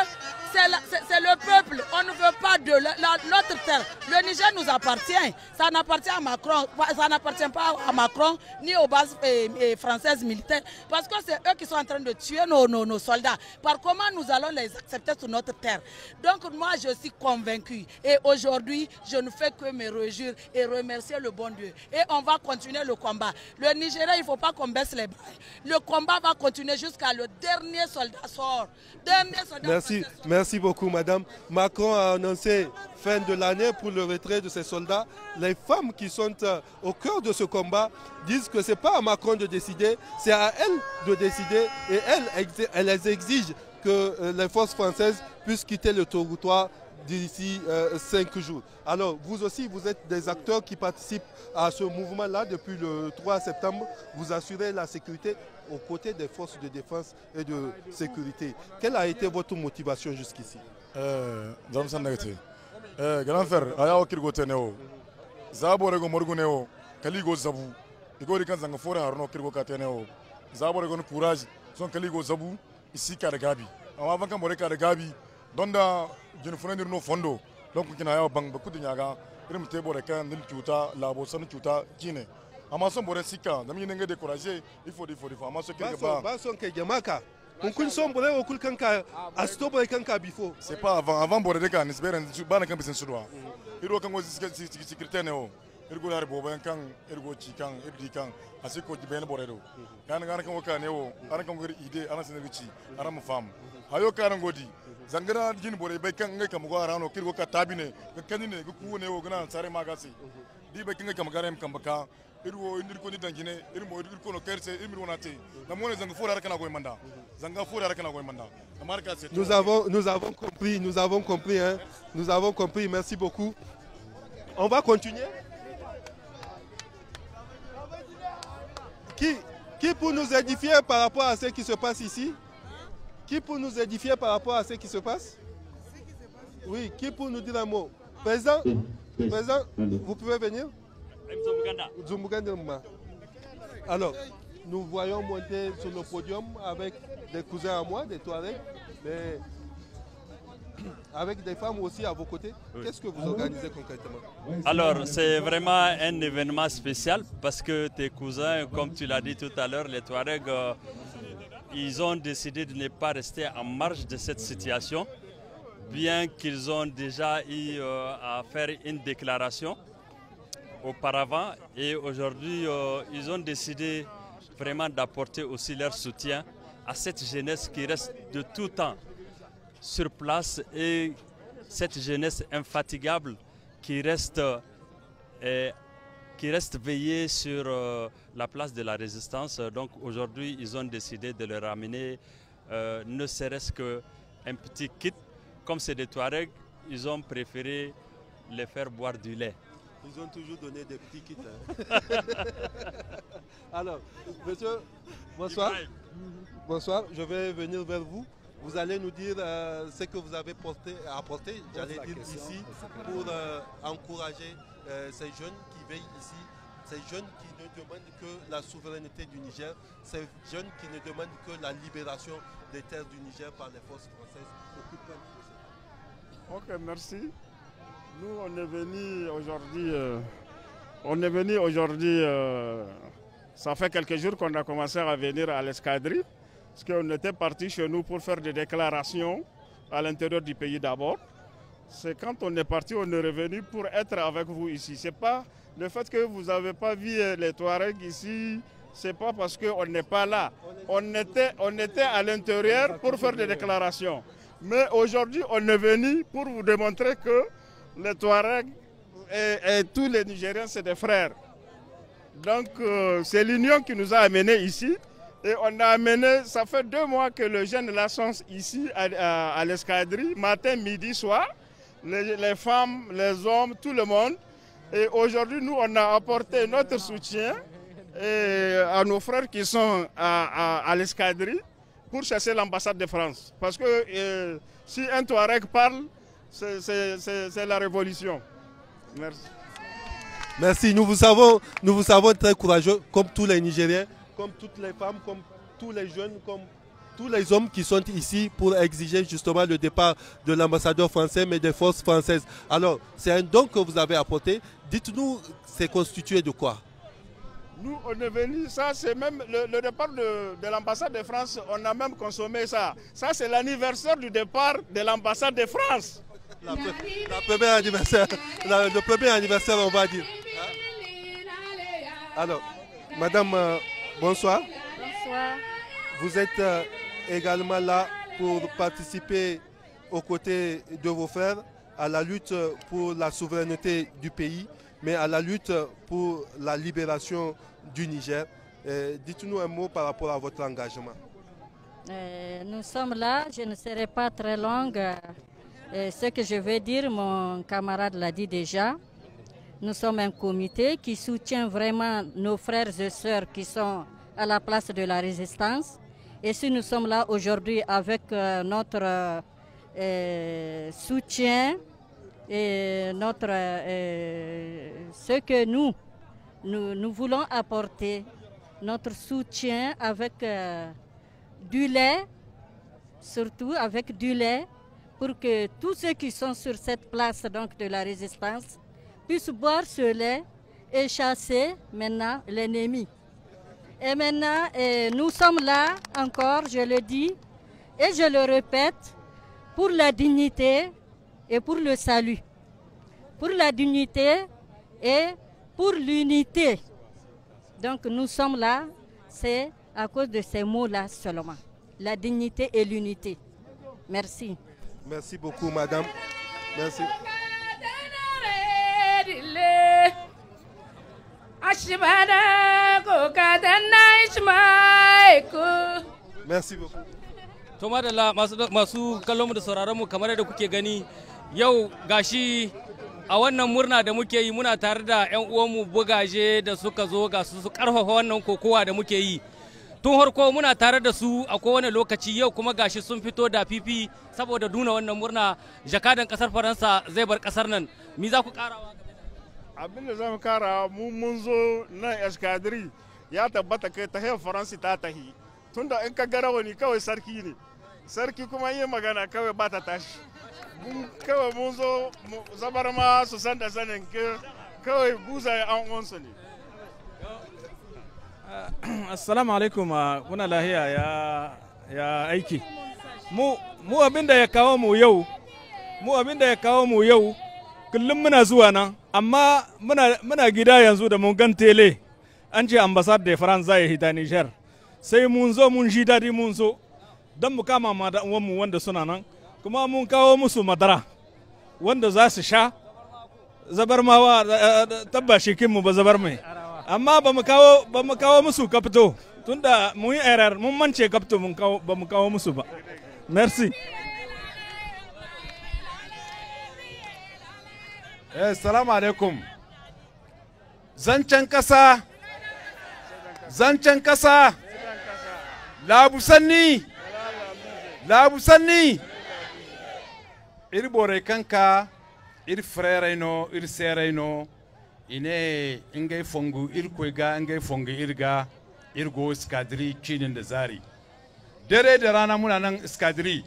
S11: c'est le peuple. On ne veut pas de notre terre. Le Niger nous appartient. Ça n'appartient à Macron, ça n'appartient pas à Macron ni aux bases euh, euh, françaises militaires. Parce que c'est eux qui sont en train de tuer nos, nos, soldats. Par comment nous allons les accepter sur notre terre Donc moi, je suis convaincu. Et aujourd'hui, je ne fais que me réjouir et remercier le bon Dieu. Et on va continuer le combat. Le Niger, il ne faut pas qu'on baisse les bras. Le combat va continuer jusqu'à le dernier soldat sort. Dernier soldat
S5: Sort. Merci. Merci beaucoup, madame. Macron a annoncé fin de l'année pour le retrait de ses soldats. Les femmes qui sont euh, au cœur de ce combat disent que ce n'est pas à Macron de décider, c'est à elles de décider et elles, elles exigent que euh, les forces françaises puissent quitter le territoire d'ici euh, cinq jours. Alors, vous aussi, vous êtes des acteurs qui participent à ce mouvement-là depuis le 3 septembre. Vous assurez la sécurité aux côtés des forces de défense et de sécurité. Quelle a été votre motivation jusqu'ici
S15: euh, euh, Grand frère, donda jini funandir no fondo lonku kina yawa bang bakuti nyaga irim tebo de kan nin cuta labo san cuta jine amma son bore sika da mi nenge décourager il faut il faut il faut amma so kenge ba ba son ke jamaka kun kun son bore okul kanka asto bore kanka bifo c'est pas avant avant bore de kan isberen bana kan bisin sudwa iro kan go secrétaire ne o irgo yar bo ban kan irgo ci kan irdi kan asi ko ben boredo kan kan kan waka wo an kan gori ide an sanar ci an mu fam hayo kan godi zangana jin bore be kan ngai kam gwara no kirgo ka tabine ga ben kanine ga ku wo gana sare magasi di bai ben kinga kam garem kam baka irwo indir ko ni dangine irmo irdir ko no kerse irmo na te na mo ne zanga fura rakana go manda zanga fura rakana go manda marka c'est nous avons nous avons compris
S5: nous avons compris hein nous avons compris merci beaucoup on va continuer qui, qui pour nous édifier par rapport à ce qui se passe ici Qui pour nous édifier par rapport à ce qui se passe Oui, qui pour nous dire un mot Présent, vous pouvez venir Alors, nous voyons monter sur le podium avec des cousins à moi, des toilettes, mais avec des femmes aussi à vos côtés. Qu'est-ce que vous organisez concrètement Alors, c'est vraiment
S8: un événement spécial parce que tes cousins, comme tu l'as dit tout à l'heure, les Touaregs, euh, ils ont décidé de ne pas rester en marge de cette situation, bien qu'ils ont déjà eu euh, à faire une déclaration auparavant. Et aujourd'hui, euh, ils ont décidé vraiment d'apporter aussi leur soutien à cette jeunesse qui reste de tout temps sur place et cette jeunesse infatigable qui reste, euh, qui reste veillée sur euh, la place de la résistance. Donc aujourd'hui, ils ont décidé de leur ramener euh, ne serait-ce qu'un petit kit. Comme c'est des Touaregs, ils ont préféré les faire boire du lait.
S5: Ils ont toujours donné des petits kits. Hein. Alors, monsieur, bonsoir. Bonsoir, je vais venir vers vous. Vous allez nous dire euh, ce que vous avez porté, apporté, j'allais dire ici, pour euh, encourager euh, ces jeunes qui veillent ici, ces jeunes qui ne demandent que la souveraineté du Niger, ces jeunes qui ne demandent que la libération des terres du Niger par les forces françaises.
S16: Ok, merci. Nous, on est venus aujourd'hui. on est venu aujourd'hui. ça fait quelques jours qu'on a commencé à venir à l'escadrille. Parce qu'on était parti chez nous pour faire des déclarations à l'intérieur du pays d'abord. C'est quand on est parti, on est revenu pour être avec vous ici. C'est pas le fait que vous n'avez pas vu les Touaregs ici, c'est pas parce qu'on n'est pas là. On était, on était à l'intérieur pour faire des déclarations. Mais aujourd'hui, on est venu pour vous démontrer que les Touaregs et, tous les Nigériens, c'est des frères. Donc, euh, c'est l'union qui nous a amenés ici. Et on a amené, ça fait deux mois que le jeune la ici à, l'escadrille, matin, midi, soir, les, femmes, les hommes, tout le monde. Et aujourd'hui, nous, on a apporté notre soutien eh, à nos frères qui sont à, l'escadrille pour chasser l'ambassade de France. Parce que eh, si un Touareg parle, c'est la révolution. Merci. Merci,
S5: nous vous savons, nous vous savons très courageux, comme tous les Nigériens
S16: comme toutes les femmes, comme tous
S5: les jeunes, comme tous les hommes qui sont ici pour exiger justement le départ de l'ambassadeur français mais des forces françaises. Alors, c'est un don que vous avez apporté. Dites-nous, c'est constitué de quoi
S16: nous, on est venus, ça c'est même le, départ de, l'ambassade de France, on a même consommé ça. Ça c'est l'anniversaire du départ de l'ambassade de France. anniversaire,
S5: le premier anniversaire on va dire. Hein? Alors, Madame... Euh, Bonsoir. Bonsoir. Vous êtes euh, également là pour participer aux côtés de vos frères à la lutte pour la souveraineté du pays, mais à la lutte pour la libération du Niger. Euh, dites-nous un mot par rapport à votre engagement.
S17: Euh, nous sommes là, je ne serai pas très longue. ce que je vais dire, mon camarade l'a dit déjà. Nous sommes un comité qui soutient vraiment nos frères et sœurs qui sont à la place de la résistance. Et si nous sommes là aujourd'hui avec euh, notre euh, euh, soutien et notre, ce que nous, nous, nous, voulons apporter, notre soutien avec du lait, surtout avec du lait, pour que tous ceux qui sont sur cette place donc, de la résistance puissent boire ce lait et chasser maintenant l'ennemi. Et maintenant, nous sommes là encore, je le dis et je le répète, pour la dignité et pour le salut. Pour la dignité et pour l'unité. Donc nous sommes là, c'est à cause de ces mots-là seulement. La dignité et l'unité. Merci.
S5: Merci beaucoup, madame. Merci.
S9: gobe ashibana ko kadanna ishmaiku
S1: merci beaucoup to madalla masu masu kallon mu da sauraron mu kamar yadda kuke gani yau gashi a wannan murna da muke yi muna tare da 'yan uwanmu bugaje da suka zo ga su su karfafa wannan kokowa da muke yi tun harko muna tare da su a kowane lokaci yau kuma gashi sun fito da fifi saboda nuna wannan murna jakadan kasar faransa zai bar kasar nan mi za ku karawa
S16: abin da zamu kara mu mun zo nan eskadri ya tabbata kai hiyar faransi ta tahi tunda in ka gara wani kawai sarki ne sarki kuma yi magana kawai ba ta tashi kawai mun zo zabar ma su san da sanin kawai ya an uwansu ne ah, assalamu alaikum ah, kuna lahiya ya aiki mu abinda ya kawo mu yau
S14: mu abinda ya kawo mu yau kullum muna zuwa nan amma muna, gida yanzu da mun gan tele an ce ambassade da france zai hita niger sai mun zo mun ji dadi mun zo don mu kama ma mu wanda suna nan kuma mun kawo musu madara
S8: wanda za su sha zabar mawa eh, eh, tabba mu ba zabar mai amma ba mu kawo ba mu kawo musu kafto tunda mun yi erar mun
S14: mance kafto mun kawo ba mu kawo musu ba
S6: merci
S7: assalamu eh, salamu alaikum. Zancen ƙasa, zancen sanni labusanni, labusanni. iri bore kanka, iri frere no, iri sere no, ine ingai fongu iri kwega, ingai fongu irga, irgo skadri kinin da zari. Dare da rana muna nan skadri,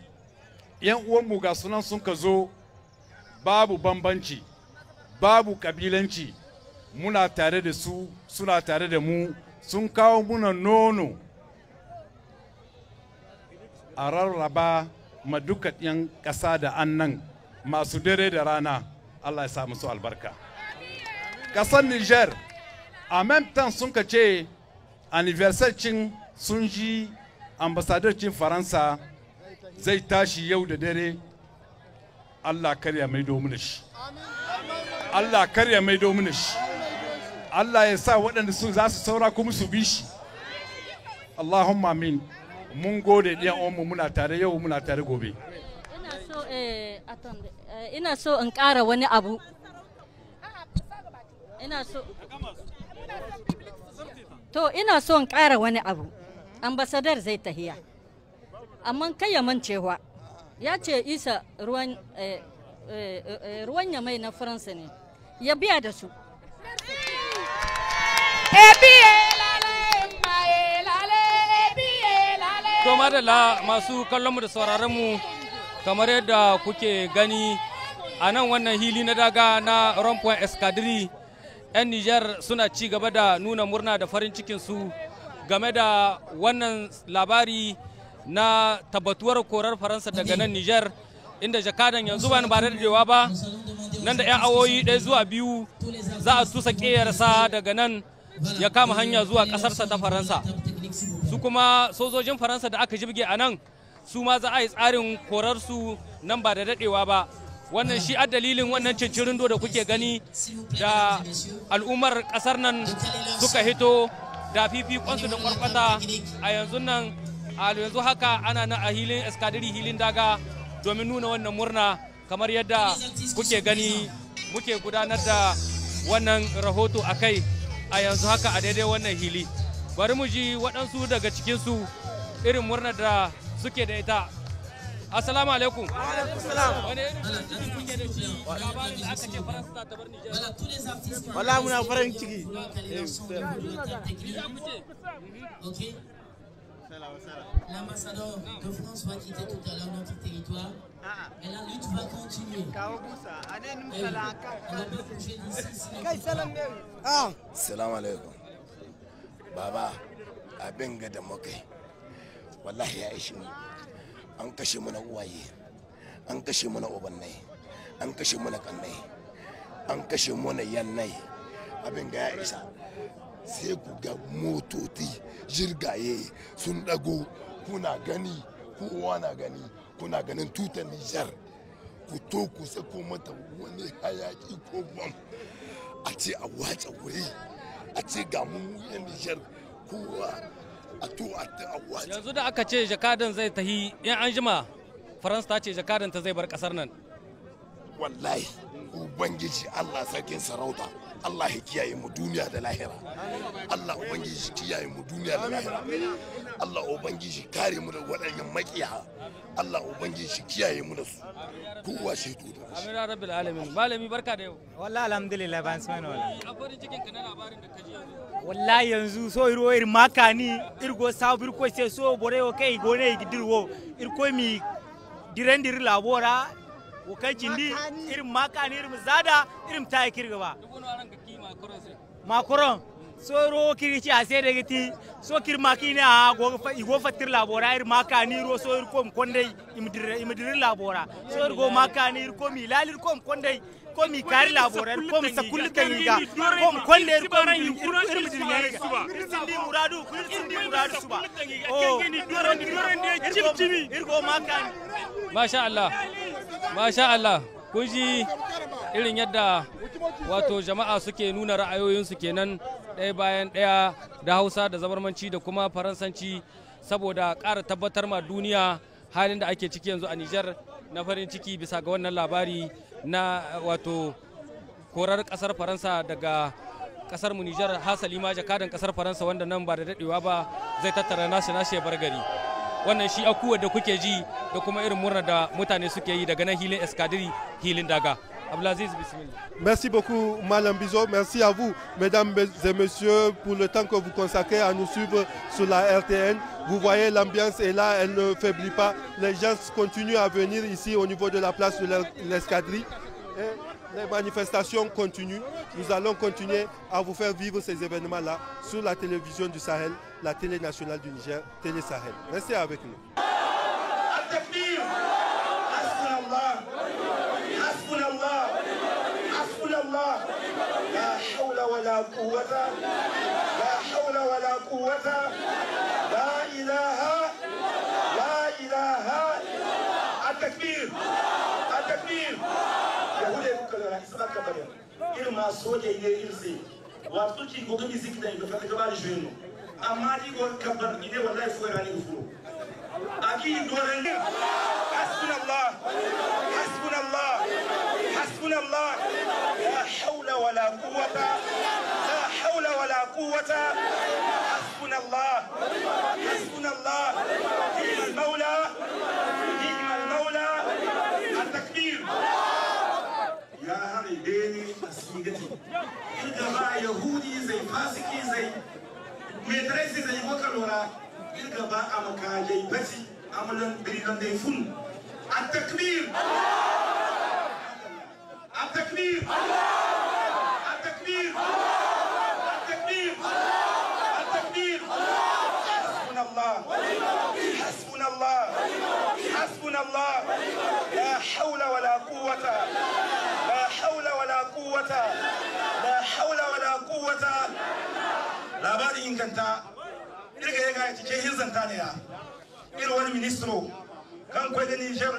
S7: yan uwanmu ga sunan sun ka zo babu bambanci. babu kabilanci muna tare da su suna tare da mu sun kawo muna nono a rarraba ma duka yan ƙasa da nan masu dare da rana Allah ya sa musu albarka ƙasar Niger a memtan sun ka ce anniversary cin sun ji ambasadar cin faransa zai tashi yau da dare Allah karya mai domin shi Allah kar ya maido mini shi Allah ya sa waɗanda su za su saura kuma su bi shi Allahumma amin mun gode ɗiyan uwanmu muna tare yau muna tare gobe
S17: ina so eh, eh, in ƙara wani abu ina so to ina so in ƙara wani abu ambasadar zai tahiya amma kai ya mancewa ya ce isa ruwan eh, ruwan yamai na faransa ne ya biya da su
S1: to madalla masu kallonmu da sauraronmu kamar yadda kuke gani a nan wannan hili na daga na rompon eskadiri 'yan nijar suna ci gaba da nuna murna da farin cikinsu game da wannan labari na tabbatuwar korar faransa daga nan nijar inda jakadan yanzu ba ba daɗewa ba nan da 'yan awoyi ɗaya zuwa biyu za a tusa ƙeyarsa daga nan ya kama hanya zuwa ƙasarsa ta faransa su kuma sojojin faransa da aka jibge a nan su ma za a yi tsarin korarsu nan ba da daɗewa ba wannan shi a dalilin wannan cincirin da kuke gani da al'ummar ƙasar nan suka hito da fifikonsu da kwarkwata a yanzu nan a yanzu haka ana na a hilin eskadiri hilin daga domin nuna wannan murna kamar yadda kuke gani muke gudanar da wannan rahoto a kai a yanzu haka a daidai wannan hili bari mu ji waɗansu daga cikinsu irin murna da suke da ita assalamu alaikum wala muna farin ciki
S11: L'ambassadeur de France va quitter tout à l'heure notre territoire, ah, ah. Et la lutte va continuer.
S10: Et eh on va pas bouger d'ici.
S17: Ah,
S4: salam alaikum. Baba, abin ga da mukai, wallahi ya ishi mu. An kashe mana uwaye, an kashe mana ubannai, an kashe mana kannai, an kashe mana yannai. Abin ga ya isa. Sai ku ga motoci jirgaye sun dago kuna gani kowa na gani kuna ganin tutar nijar ku to ku sako mata wani hayaki ko bam a ce a wace wuri
S1: a ce ga mun nijar kowa a to a ta wace yanzu da aka ce jakadan zai tahi yan an jima faransa ta ce jakadan ta zai bar kasar nan
S4: wallahi ubangiji allah sarkin sarauta allah ya kiyaye mu duniya da lahira allah ubangiji kiyaye mu duniya da lahira allah ubangiji kare mu da waɗannan makiya allah ubangiji kiyaye mu da su kowa shi to
S1: da shi amin rabbil alamin malami barka da yau wallahi alhamdulillah ban san wallahi afarin cikin kana labarin da kaji
S13: yanzu wallahi yanzu so iro ir makani irgo sabir ko ce so borewo kai gone gidirwo irko mi direndir labora wo jindi irin ne irin zada irin ta kirga ba makoron so ro kirici a sai da giti so kir ne a go fa igo fatir labora ir makani ro so irin kom kondai imdir labora so irin go makani ir kom ilalir kom kondai ko mi kari laborar ko mi sakulli kan yiga ko mi kolle ko mi irmi dirga irindi muradu irindi muradu suba o oh. irgo makan
S1: masha Allah masha Allah kun ji irin yadda wato jama'a suke nuna ra'ayoyinsu kenan ɗaya bayan ɗaya da hausa da zamarmanci da kuma faransanci saboda ƙara tabbatar ma duniya halin da ake ciki yanzu a Nijar na farin ciki bisa ga wannan labari na wato korar kasar faransa daga kasar munijar nijar hasali ma jakadan kasar faransa wanda nan ba da dadewa ba zai tattara nasu nashi ya bar gari wannan shi akuwa da kuke ji da kuma irin murnar da mutane suke yi daga nan hilin eskadiri hilin daga Abdelaziz
S5: Merci beaucoup, Malam Bizo. Merci à vous, mesdames et messieurs, pour le temps que vous consacrez à nous suivre sur la RTN. Vous voyez, l'ambiance est là, elle ne faiblit pas. Les gens continuent à venir ici au niveau de la place de l'escadrille. les manifestations continuent. Nous allons continuer à vous faire vivre ces événements-là sur la télévision du Sahel, la télé nationale du Niger, Télé Sahel. Merci avec nous.
S14: حسبنا الله حسبنا الله لا حول ولا قوة
S6: لا حول ولا قوة لا إله لا إله التكبير التكبير
S14: yahudi yabukana na isaba kabaya ili masoje ile irzi watu ki gogo miziki na ndo katika bali jwenu amali go kabar ile wallahi fuera ni ufuru aki dorende hasbunallah حسبنا الله لا حول ولا قوة لا حول ولا قوة حسبنا الله حسبنا الله نعم المولى نعم المولى التكبير يا هاري بيني ديني حتى ما يهودي زي فاسكي زي مدرسي زي وكالورا إذا ما أمكا جيبتي أملا بريدان دي فن التكبير الله
S6: التكبير التكبير التكبير التكبير حسبنا الله
S14: حسبنا الله حسبنا الله لا حول ولا قوة لا حول ولا قوة لا حول ولا قوة لا بد إن كنت irga ya gaya cike hirzanta ne ya irin wani ministro kan kwai da Niger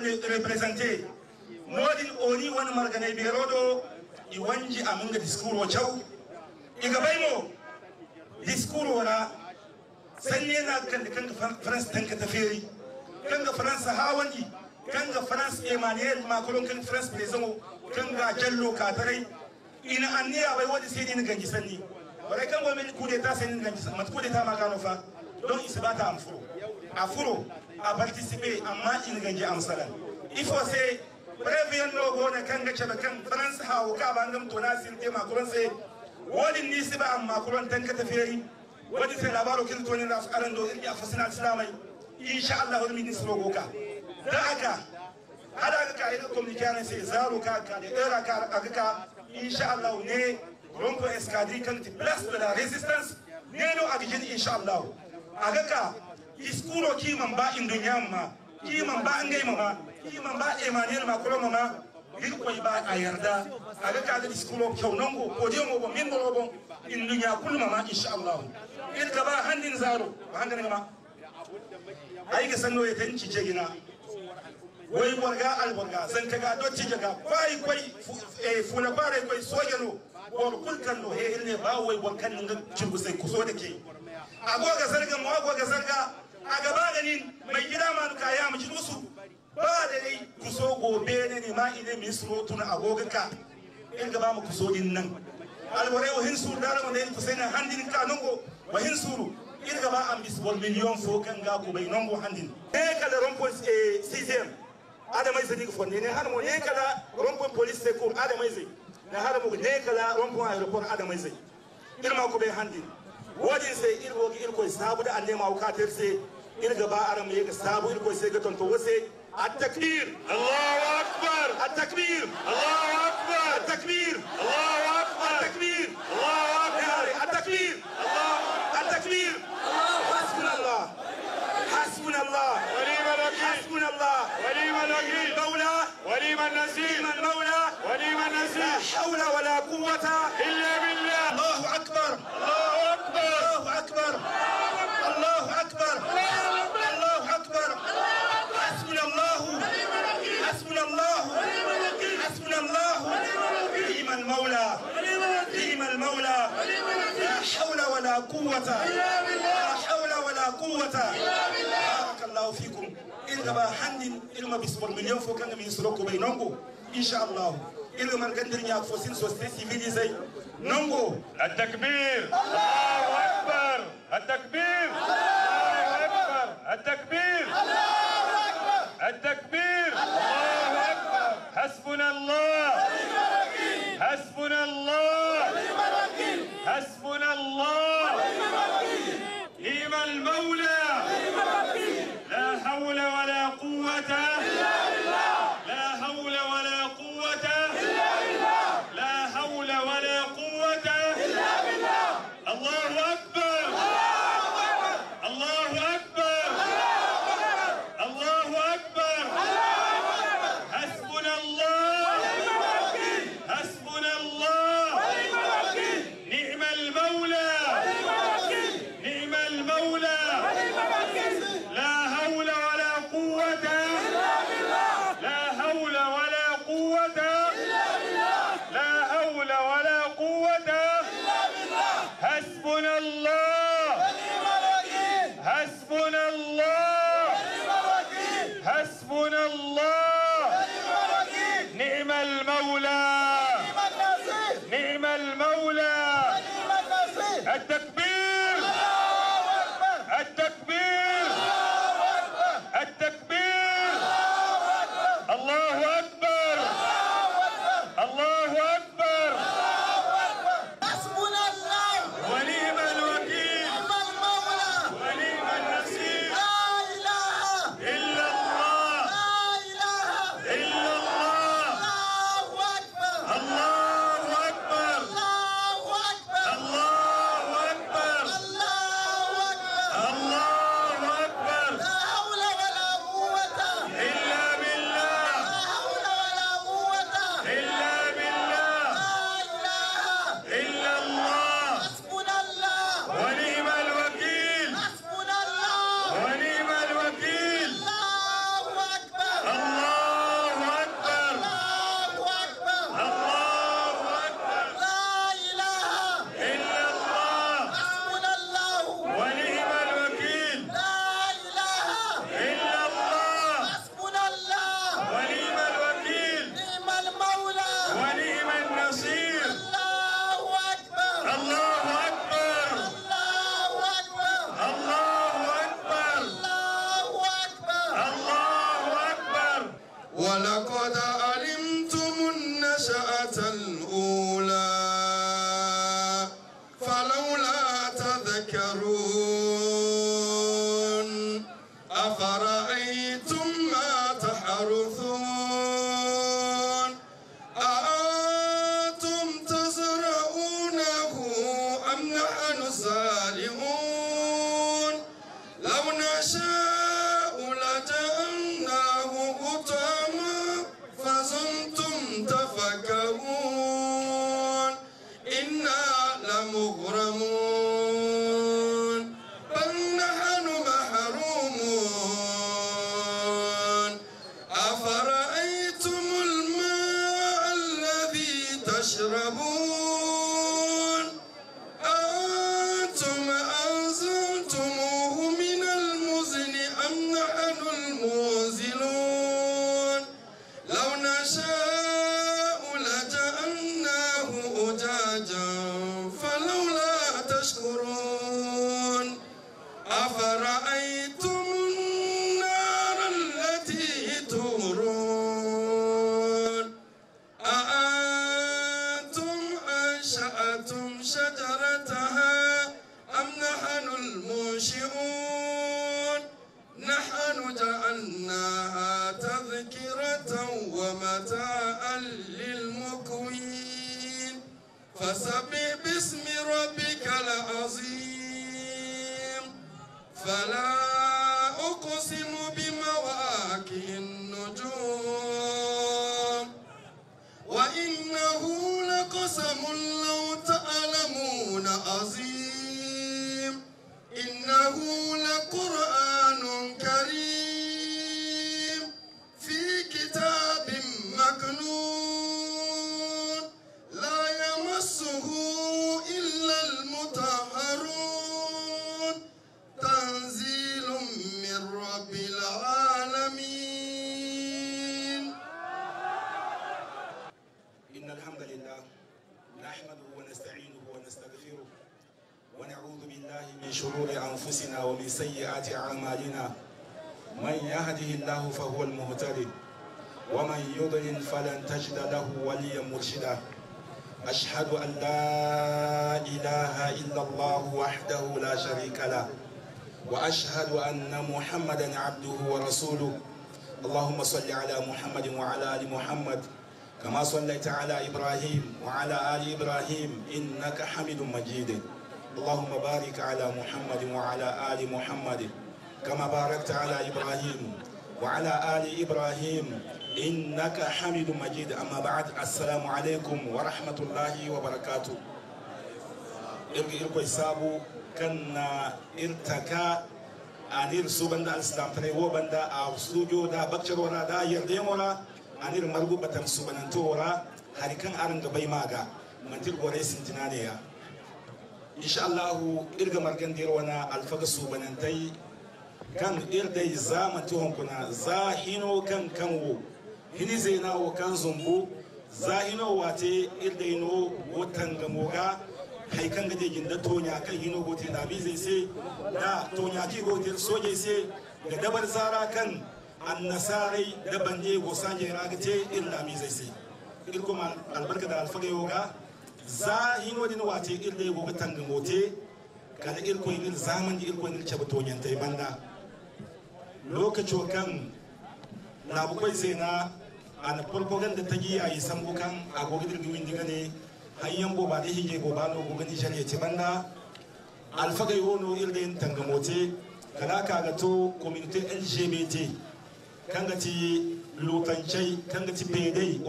S14: modin oni wani marganai berodo i wanji amunga diskuro chaw iga baymo diskuro wala sanye na kan kan France tanka ta feri kan ga France hawani kan ga France Emmanuel Macron kan France president kan ga jallo katarai ina anniya bai wani sai ni ganji sanni bare kan gomen kudeta sai ni ganji sanni mat kudeta ma gano fa don isbata amfuro afuro a participer amma in ganji amsalan ifo sai previyan no hona kanga chaba kan france ha o ka bangam to na sin tema kuran sai wadin ni si ba amma kuran tanka tafiyai wani sai labaro kin to ne na su aran do in ya fasina islamai insha Allah wani ni su rogoka da aka ada ga ka da komunikare sai zaro ka ka da era ka aka ka insha Allah ne rompo escadri kan ti blast de la resistance ne no agijin insha Allah aga ka iskuro kiman ba indun yamma kiman ba an gaima ma kiman ba emaniyar ma kula ma irkoy ba a yarda a aga kaga diskulo kewnongo kojengo bo min bolo bon in dunya kulma ma insha Allah in ka ba handin zaro ba handin ma ai ka sanno ya tanci ce gina wai warga alwarga san kaga docci jaga kwai kwai eh funa bare kwai sojano wal kulkan no he ne ba wai wakan ngi cirgu sai kuso dake agoga sarga mu agoga sarga a gaba da nin mai gida ma ka ya mu su ba da dai ku so gobe ne ne ma ine mi surutu na agoganka in gaba mu ku so din nan alware wa hin suru dalawa ne ku sai na handin ka nungo wa hin suru in gaba an bis bol million so kan ga ku bai nungo handin ne kala rompon 6e eh, adamai zani ko ne ne har mo ne kala rompon police secours adamai zai na har mu ne kala rompon aeroport adamai zai irma ku bai handin wajin sai irgo irko sabu da annema wukatar sai إلغا با أرم يغا سابو إلغا سيغا تنتو وسي التكبير الله أكبر التكبير الله أكبر التكبير الله أكبر التكبير الله أكبر
S6: التكبير الله التكبير الله حسبنا الله حسبنا الله وليم الوكيل حسبنا الله وليم الوكيل مولى وليم النصير من مولى ونعم النصير لا حول ولا قوة إلا بالله
S14: المولى نعم المولى لا حول ولا قوة إلا بالله لا حول ولا قوة إلا بالله بارك الله فيكم إلغبا حن إلما بيسبر مليون فوق كان من سروكو بينهم إن شاء الله إلما نقدر نياك فوسين سوستي سيفيلي زي نمو التكبير الله أكبر
S6: التكبير الله أكبر
S14: التكبير
S6: الله أكبر التكبير الله أكبر حسبنا الله حسبنا الله حسبنا الله
S14: فهو المهتدي ومن يضلل فلن تجد له وليا مرشدا أشهد أن لا إله إلا الله وحده لا شريك له وأشهد أن محمدا عبده ورسوله اللهم صل على محمد وعلى آل محمد كما صليت على إبراهيم وعلى آل إبراهيم إنك حميد مجيد اللهم بارك على محمد وعلى آل محمد كما باركت على إبراهيم وعلى آل إبراهيم إنك حميد مجيد أما بعد السلام عليكم ورحمة الله وبركاته إرقى إرقى إسابو كان إرتكا anir su banda alislam tare wo banda a sujo da bakcar wala da yarda wala anir margu batan su bananto wala harikan aran ga bai maga mantir gore sin jinane ya insha Allah irga margan dir wana alfaga su banantai kan irday zamati za hino kan kanwo hini na wa kan zumbu za zahino wate irday no ga moga kai kan gade ginda tonya kan hino gote da bi zai sai da tonya ki gote soje sai da dabar zara kan annasarai da bande go sanje ragate illa mi zai sai irko kuma albarka da alfaga yoga hino din wate irday go tanga mote kada irko yin zaman di irko yin chaba tonyan banda lokacin kan bukwai sai na farko ganda ta yi a yi sambu kan a agogidir giwin diga ne hayyan goba da hige boba no gogani shari'a ce banda alfagai wono irgayin tangamote kala kaga to community lgbt ga ci lutancai kanga ti bedai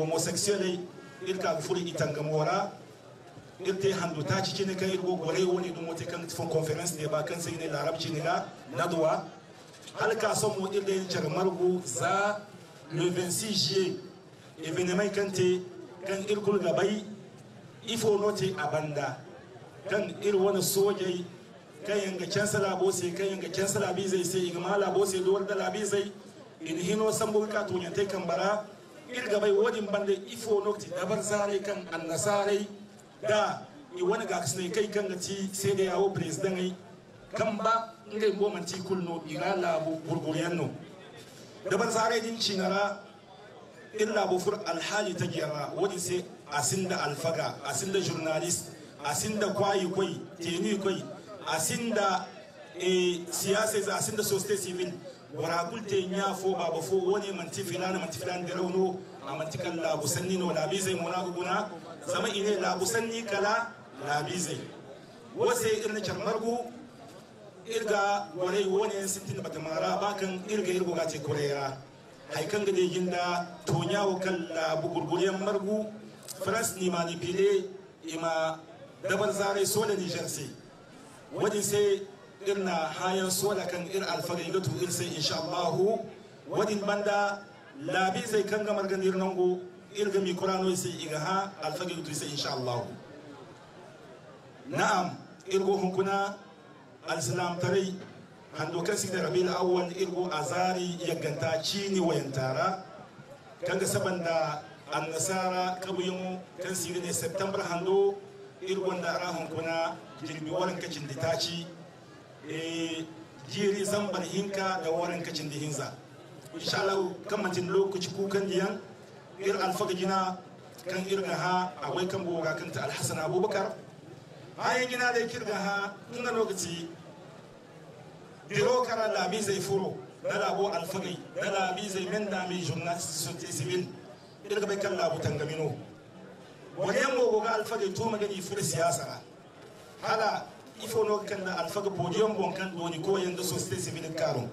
S14: irin ka furi itangamora yi handu ta cikin kan irin gore wani dum wote kanga ti fon conference ne ba kan sai ne larabci ne na nadwa halka son mu ilda yin charmargu za le 26 juillet kante kan irkul gabai ifo note a banda kan ir wani sojai kan yanga chancellor sai kan yanga chancellor bi zai sai igmala sai duwar da labi zai in hino san burka to nyante kan bara ir gabai wodin banda ifo note dabar zare kan annasarai da i wani ga kai kan ga ci sai da yawo president ai kan ba ngire mbo man ti kulno ina labu da ban sare din cinara illa labu fur alhali ta gira wani sai asinda alfaga asinda journalist asinda kwayi kwai teni kwai asinda e siyasa asinda society civil kulte nya fo baba fo wani manti filana manti filan da rauno a manti kan labu sanni no labi zai mona guna zama ine labu sanni kala labi zai wase irin e charmargu irga warai wani sintin bata mara bakan irga irgo ga ce kurera haikan gade ginda da tonya wa kan da bugurguryen margu france ni ma ni file ima dabar zare sola ni jansi wadin sai irna hayan sola kan ir alfarin gatu in sai insha Allah wadin banda labi zai kan ga margan irnango irga mi kurano sai iga ha alfarin gatu sai insha Allah na'am irgo hunkuna alislam tare hando kan sigi rabil awwal irgo azari yaganta chini wayantara kanga sabanda annasara kabuyum kan sigi ne september hando irgo da arahun kuna jirbi warin kacin ditaci e jiri zambar hinka da warin kacin da hinza Allah kan lokaci kukan diyan ir alfaga jina kan irga ha akwai kan boga kanta alhassan abubakar hayin gina da kirga ha inga lokaci biro kara lami zai furo da labo alfari da lami zai min dami journalist society civil irga bai kan labu tangamino wani yan gogo ga alfari to magani fur siyasa hala ifo no kan da alfari podium bon kan doni ko yanda society civil karo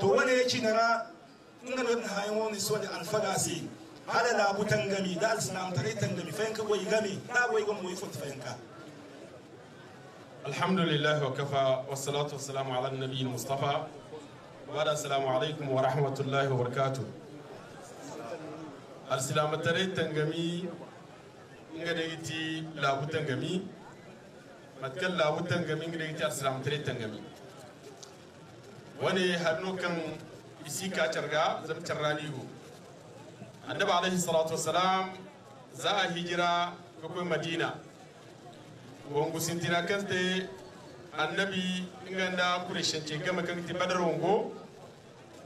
S14: to wani ya ci nara inga don hayin wani so da alfaga si hala labu tangami da alsinam tare tangami fayanka goyi gami da goyi gamu yi fot fayanka
S18: alhamdulillah wa kafa wassalatu wassalamu ala nabi mustafa wa da assalamu alaikum wa rahmatullahi wa barakatu arsilamatare tangami inga da yiti labu tangami matkan labu tangami inga da yiti arsilamatare tangami wani hannu kan isi ka carga zama carranigo annabi alaihi salatu wassalam za a hijira ga madina wongo sintira kante annabi nganda kureshen ce gama ti badar wongo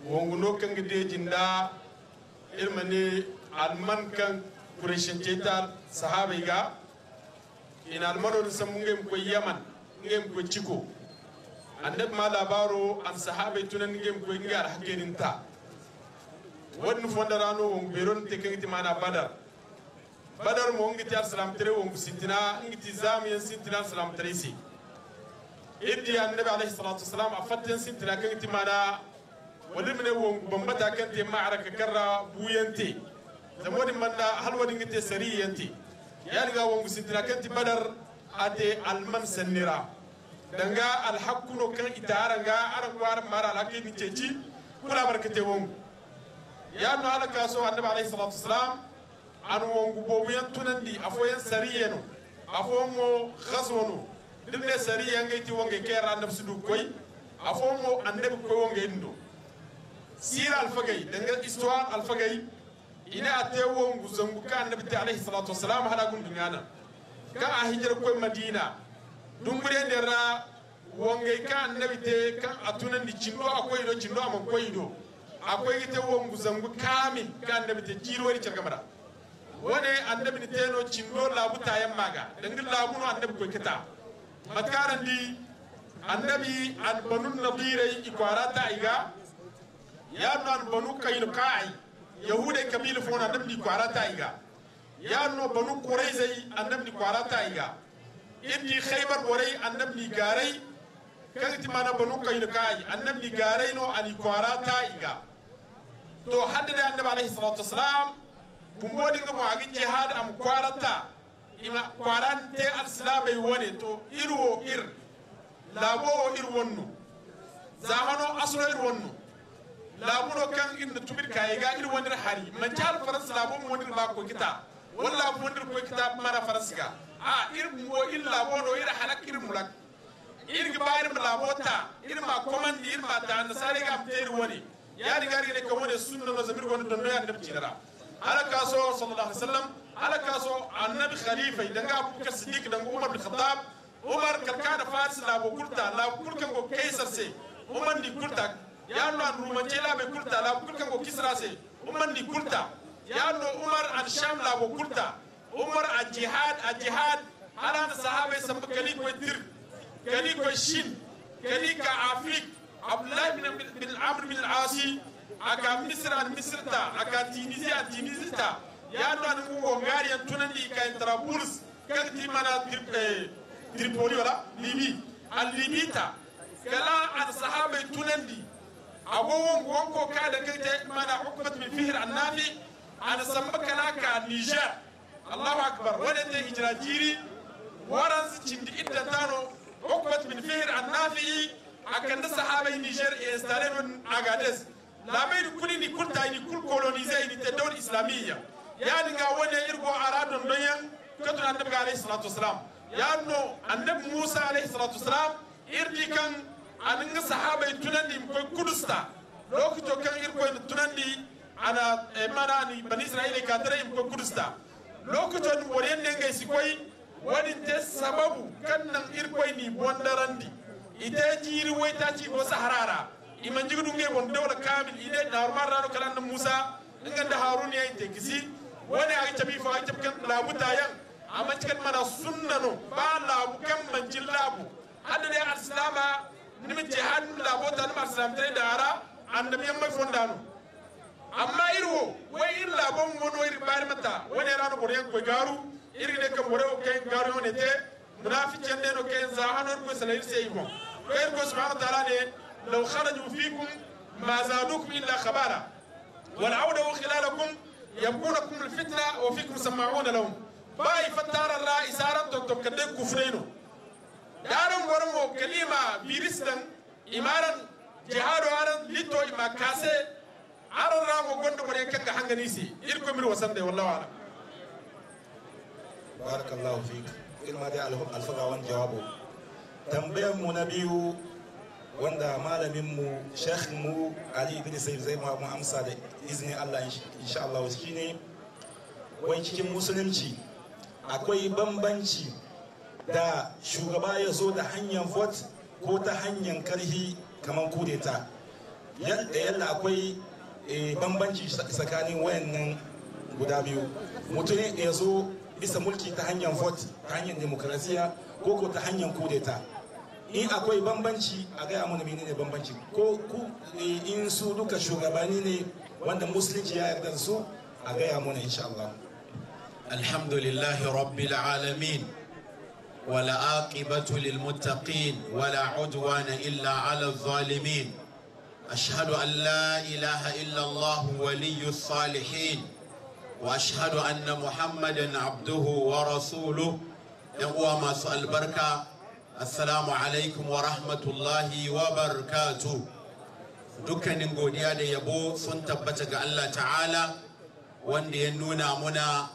S18: wongo no kangi de jinda irmane alman kan kureshen ce ta sahabai ga ina almano da san ngem yaman ngem ko ciko annabi ma labaro an sahabai tunan ngem ko ngar hakenin ta wadin fondarano wongo beron te ti mana badar بدر مونغتي سلام تري وونغ سيتنا انتظام ين سيتنا سلام تري سي ادي النبي عليه الصلاه والسلام افتن سيتنا كنتي مالا ولي من وونغ بمبتا كنتي معركه كرا بوينتي زمودي مالا هل ودي نتي سري ينتي يالغا وونغ سيتنا كنتي بدر ادي المن سنرا دنگا الحق نو كان اتارنگا ارغوار مارا لكي نتي جي كولا بركتي وونغ يا نو على كاسو النبي عليه الصلاه والسلام ano yan tunandi afoyan sariyeno afomo ghazwano dinne sariya ngaiti wonge kera andab sudu koy koi andab koy wonge indo sira alfagay danga histoire alfagay ina ate wongu zangu ka annabi ta alaihi salatu wassalam hada gun dunyana ka a hijira koy madina dungure ndera wonge ka annabi te kan atunandi cindo akoy do cindo amon koy do akoy ite wongu zangu kamil ka annabi te jirwari cergamara wone annabi ni teno cindo labu tayan maga dengil labu no annabi ko kita matkaran di annabi an banun nabire ikwarata iga ya nan banu kainu kai yahude kabilu fona annabi ni kwarata iga ya no banu quraizai annabi ni kwarata iga inni khaybar borai annabi ni garai kanti mana banu kainu kai annabi garai no ani ikwarata iga to haddada annabi alaihi salatu wassalam kumoɗinga mo agin jihad am kwarata ima kwarante alsilamey wone to irwo ir labo o ah, ir wonno zamano asro ir wonno laabuno kan inna tumir kayiga ir wondir hari manci al faras laabo mo wondir ba ko kita walla mo wondir ko kita mana ga a ir mo il laabono ir halak ir mulak ir giba labo ta ir ma komandi ir ma danda sare gam ter woni gari ne ko woni sunna no zabir gondo no yandem cinara على كاسو صلى الله عليه وسلم على كاسو النبي خليفة دنجا أبو بكر الصديق دنجا عمر بن الخطاب عمر كركان فارس لا أبو كرتا لا أبو كرتا كان كيسر سي عمر دي كرتا يا الله أن رومانتي جلا أبو كرتا لا أبو كرتا كان كيسر سي عمر دي كرتا يا الله عمر عن شام لا أبو كرتا عمر الجهاد الجهاد على الصحابة سبكلي كوي تير كلي كوي شين كلي كعافيك عبد الله بن عمرو بن العاصي a ka misir an misir ta a ka tunisi an ta ya dɔ ni ko ngari ya tunani ka intara bulus kan ti mana eh, tripoli wala libi a libi ta kala an sahaba tunandi a gowon gonko ka da kai ta mana hukumat min fihir an nafi an samba kala ka niger allahu akbar wadda ta hijira jiri waransu cindi idda tano hukumat min fihir annabi nafi a kan da sahabai niger ya installe min agades lamai ni kuli ni kurta ni kul colonise ni te dawr islamiyya ya dinga wani irgo aradon donya katun annabi alayhi salatu wasalam ya no annabi musa alayhi salatu wasalam irdi kan aninga sahaba tunandi ko kudusta lokito kan irko tunandi ana eh, mana ni ban isra'ila ka tare ko kudusta lokito ni woriyan denga sikoi wani te sababu kan nan irko ni bondarandi ite jiri wai ta ci ko saharara imanjigu jigu dunge bon dawla kamil ide normal rano kalan musa da harun ya inte kisi wani ay tabi fa ay tabkan buta ya amma cikin mana sunna no ba la labu kan manjin labu hada de al ni nimin jihad labo ta nimin al tre dara and mi annabi yamma fondano amma irwo wai ir labon wono ir bari mata wani rano ko boryan ko garu iri ne wore o kai garu ne te munafiqin ne no kai zahanor ko sanai sey mo kai ko subhanahu wa ta'ala ne لو خرجوا فيكم ما زادوكم إلا خبالا والعودة خلالكم يبقونكم الفتنة وفيكم سماعون لهم باي فتار الله إسارة تكتب كدين كفرينو دارم ورمو كلمة فيرستن إمارا جهاد وارن لتو إما كاسي عرن رامو قندو مريا كنغا حنغنيسي إلكم من وسنده والله أعلم
S14: بارك الله فيك إلما دي ألفقا وان جوابه تنبيه منبيه wanda malaminmu mu ali ibn sayyid zai mu amsa da izini allah insha allah ne. wai cikin musulunci akwai bambanci da shugaba ya zo da hanyar vote ko ta hanyar karhi kamar kudeta yadda yadda akwai eh, bambanci tsakanin wayannan guda biyu mutum ya zo bisa mulki ta hanyar vote ta hanyar demokrasiya ko ko ta hanyar kudeta in akwai bambanci a gaya mana menene bambanci ko ku eh, in su duka shugabanni ne wanda musulunci ya yarda su a gaya mana insha Allah
S2: alhamdulillahi rabbil alamin والعاقبة للمتقين ولا عدوان إلا على الظالمين أشهد أن لا إله إلا الله ولي الصالحين وأشهد أن محمدا عبده ورسوله يقوى ما البركة assalamu alaikum wa rahmatullahi wa barakatu dukkanin godiya da yabo sun tabbata ga Allah ta'ala wanda ya nuna muna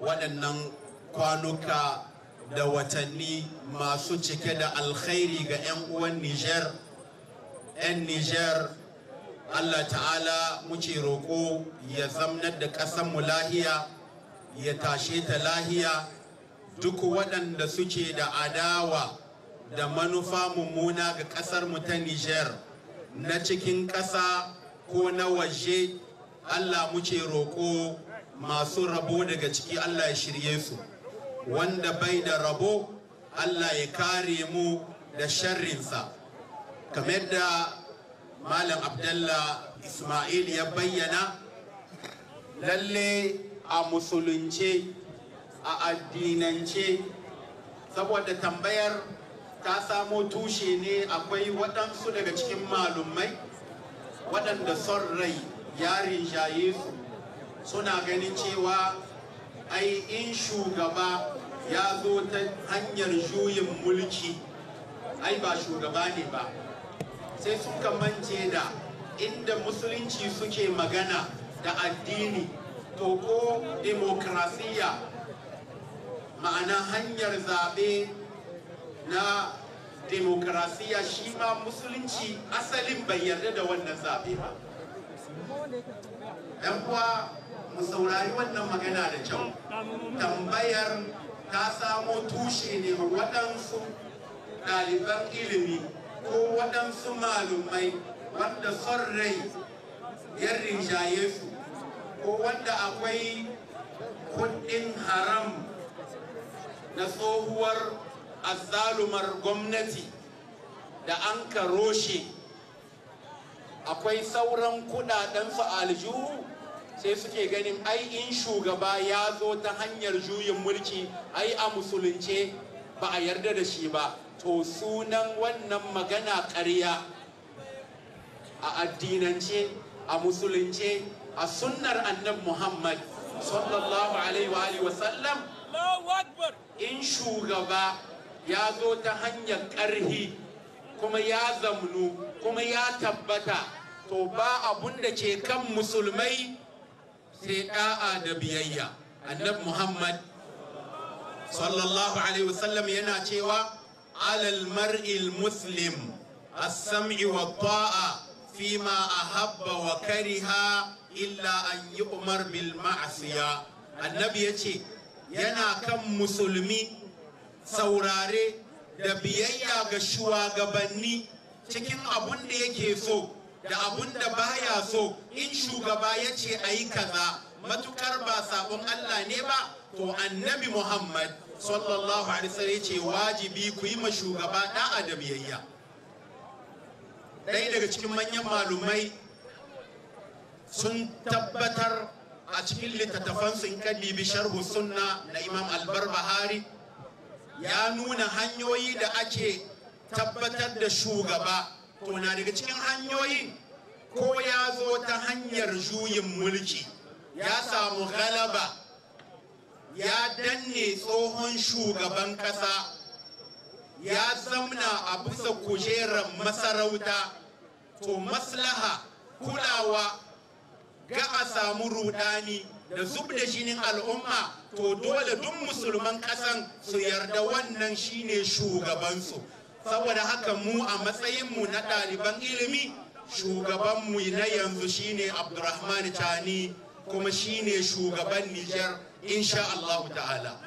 S2: waɗannan kwanuka da watanni masu cike da alkhairi ga 'yan uwan Nijar 'yan Nijar Allah ta'ala muke roƙo ya zamnar da ƙasanmu lahiya ya tashe ta lahiya duk waɗanda suke da adawa da manufa mummuna ga ƙasar mu ta Niger na cikin ƙasa ko na waje Allah muke roƙo masu rabo daga ciki Allah ya shirye su wanda bai da rabo Allah ya kare mu da sharrinsa kamar da Malam Abdalla Ismail ya bayyana lalle a musulunce a addinance saboda tambayar ta samo tushe ne akwai waɗansu daga cikin malumai waɗanda son rai ya rinjaye su suna ganin cewa ai in shugaba ya zo ta hanyar juyin mulki ai ba shugaba ne ba sai suka mance da inda musulunci suke magana da addini to ko demokrasiya ma'ana hanyar zaɓe na demokrasiya shi ma musulunci asalin bai yarda da wannan zaɓe ba yan kuwa mu saurari wannan magana da kyau tambayar ta samo tushe ne waɗansu ɗaliban ilimi ko waɗansu malumai wanda son rai yan rinjaye su ko wanda akwai kuɗin haram na tsohuwar azzalumar gwamnati da an ka roshe akwai sauran su aljuhu sai suke ganin ai in shugaba ya zo ta hanyar juyin mulki ai a musulunce ba a yarda da shi ba to sunan wannan magana ƙarya a addinance a musulunce a sunnar annab muhammad sallallahu alaihi wa sallam in shugaba ya zo ta hanyar ƙarhi kuma ya zamnu kuma ya tabbata to ba abun da ke kan musulmai sai ɗa'a da biyayya annab muhammad sallallahu alaihi wasallam yana cewa alal mar'il muslim as-sam'i wa ta'a fima ahabba wa kariha illa an yi umar bil ma'asiya annabi ya ce yana kan musulmi saurare da biyayya ga shugabanni cikin abun da yake so da abun da baya so in shugaba ya ce a yi kaza matukar ba sabon Allah ne ba to annabi Muhammad sallallahu alaihi wasallam ya ce wajibi ku yi ma shugaba da'a da biyayya ɗaya daga cikin manyan malumai sun tabbatar a cikin littattafansu in kan libi sharhu sunna na imam bahari ya nuna hanyoyi da ake tabbatar da shugaba to na daga cikin hanyoyi ko ya zo ta hanyar juyin mulki ya samu galaba ya danne tsohon shugaban ƙasa ya zamna a bisa kujerar masarauta to maslaha kulawa ga a samu rudani da zub da jinin al'umma to dole duk musulman kasan su yarda wannan shine shugabansu saboda haka mu a matsayinmu na ɗaliban ilimi shugabanmu na yanzu
S6: shine abdurrahman tani kuma shine shugaban nijar insha allahu ta'ala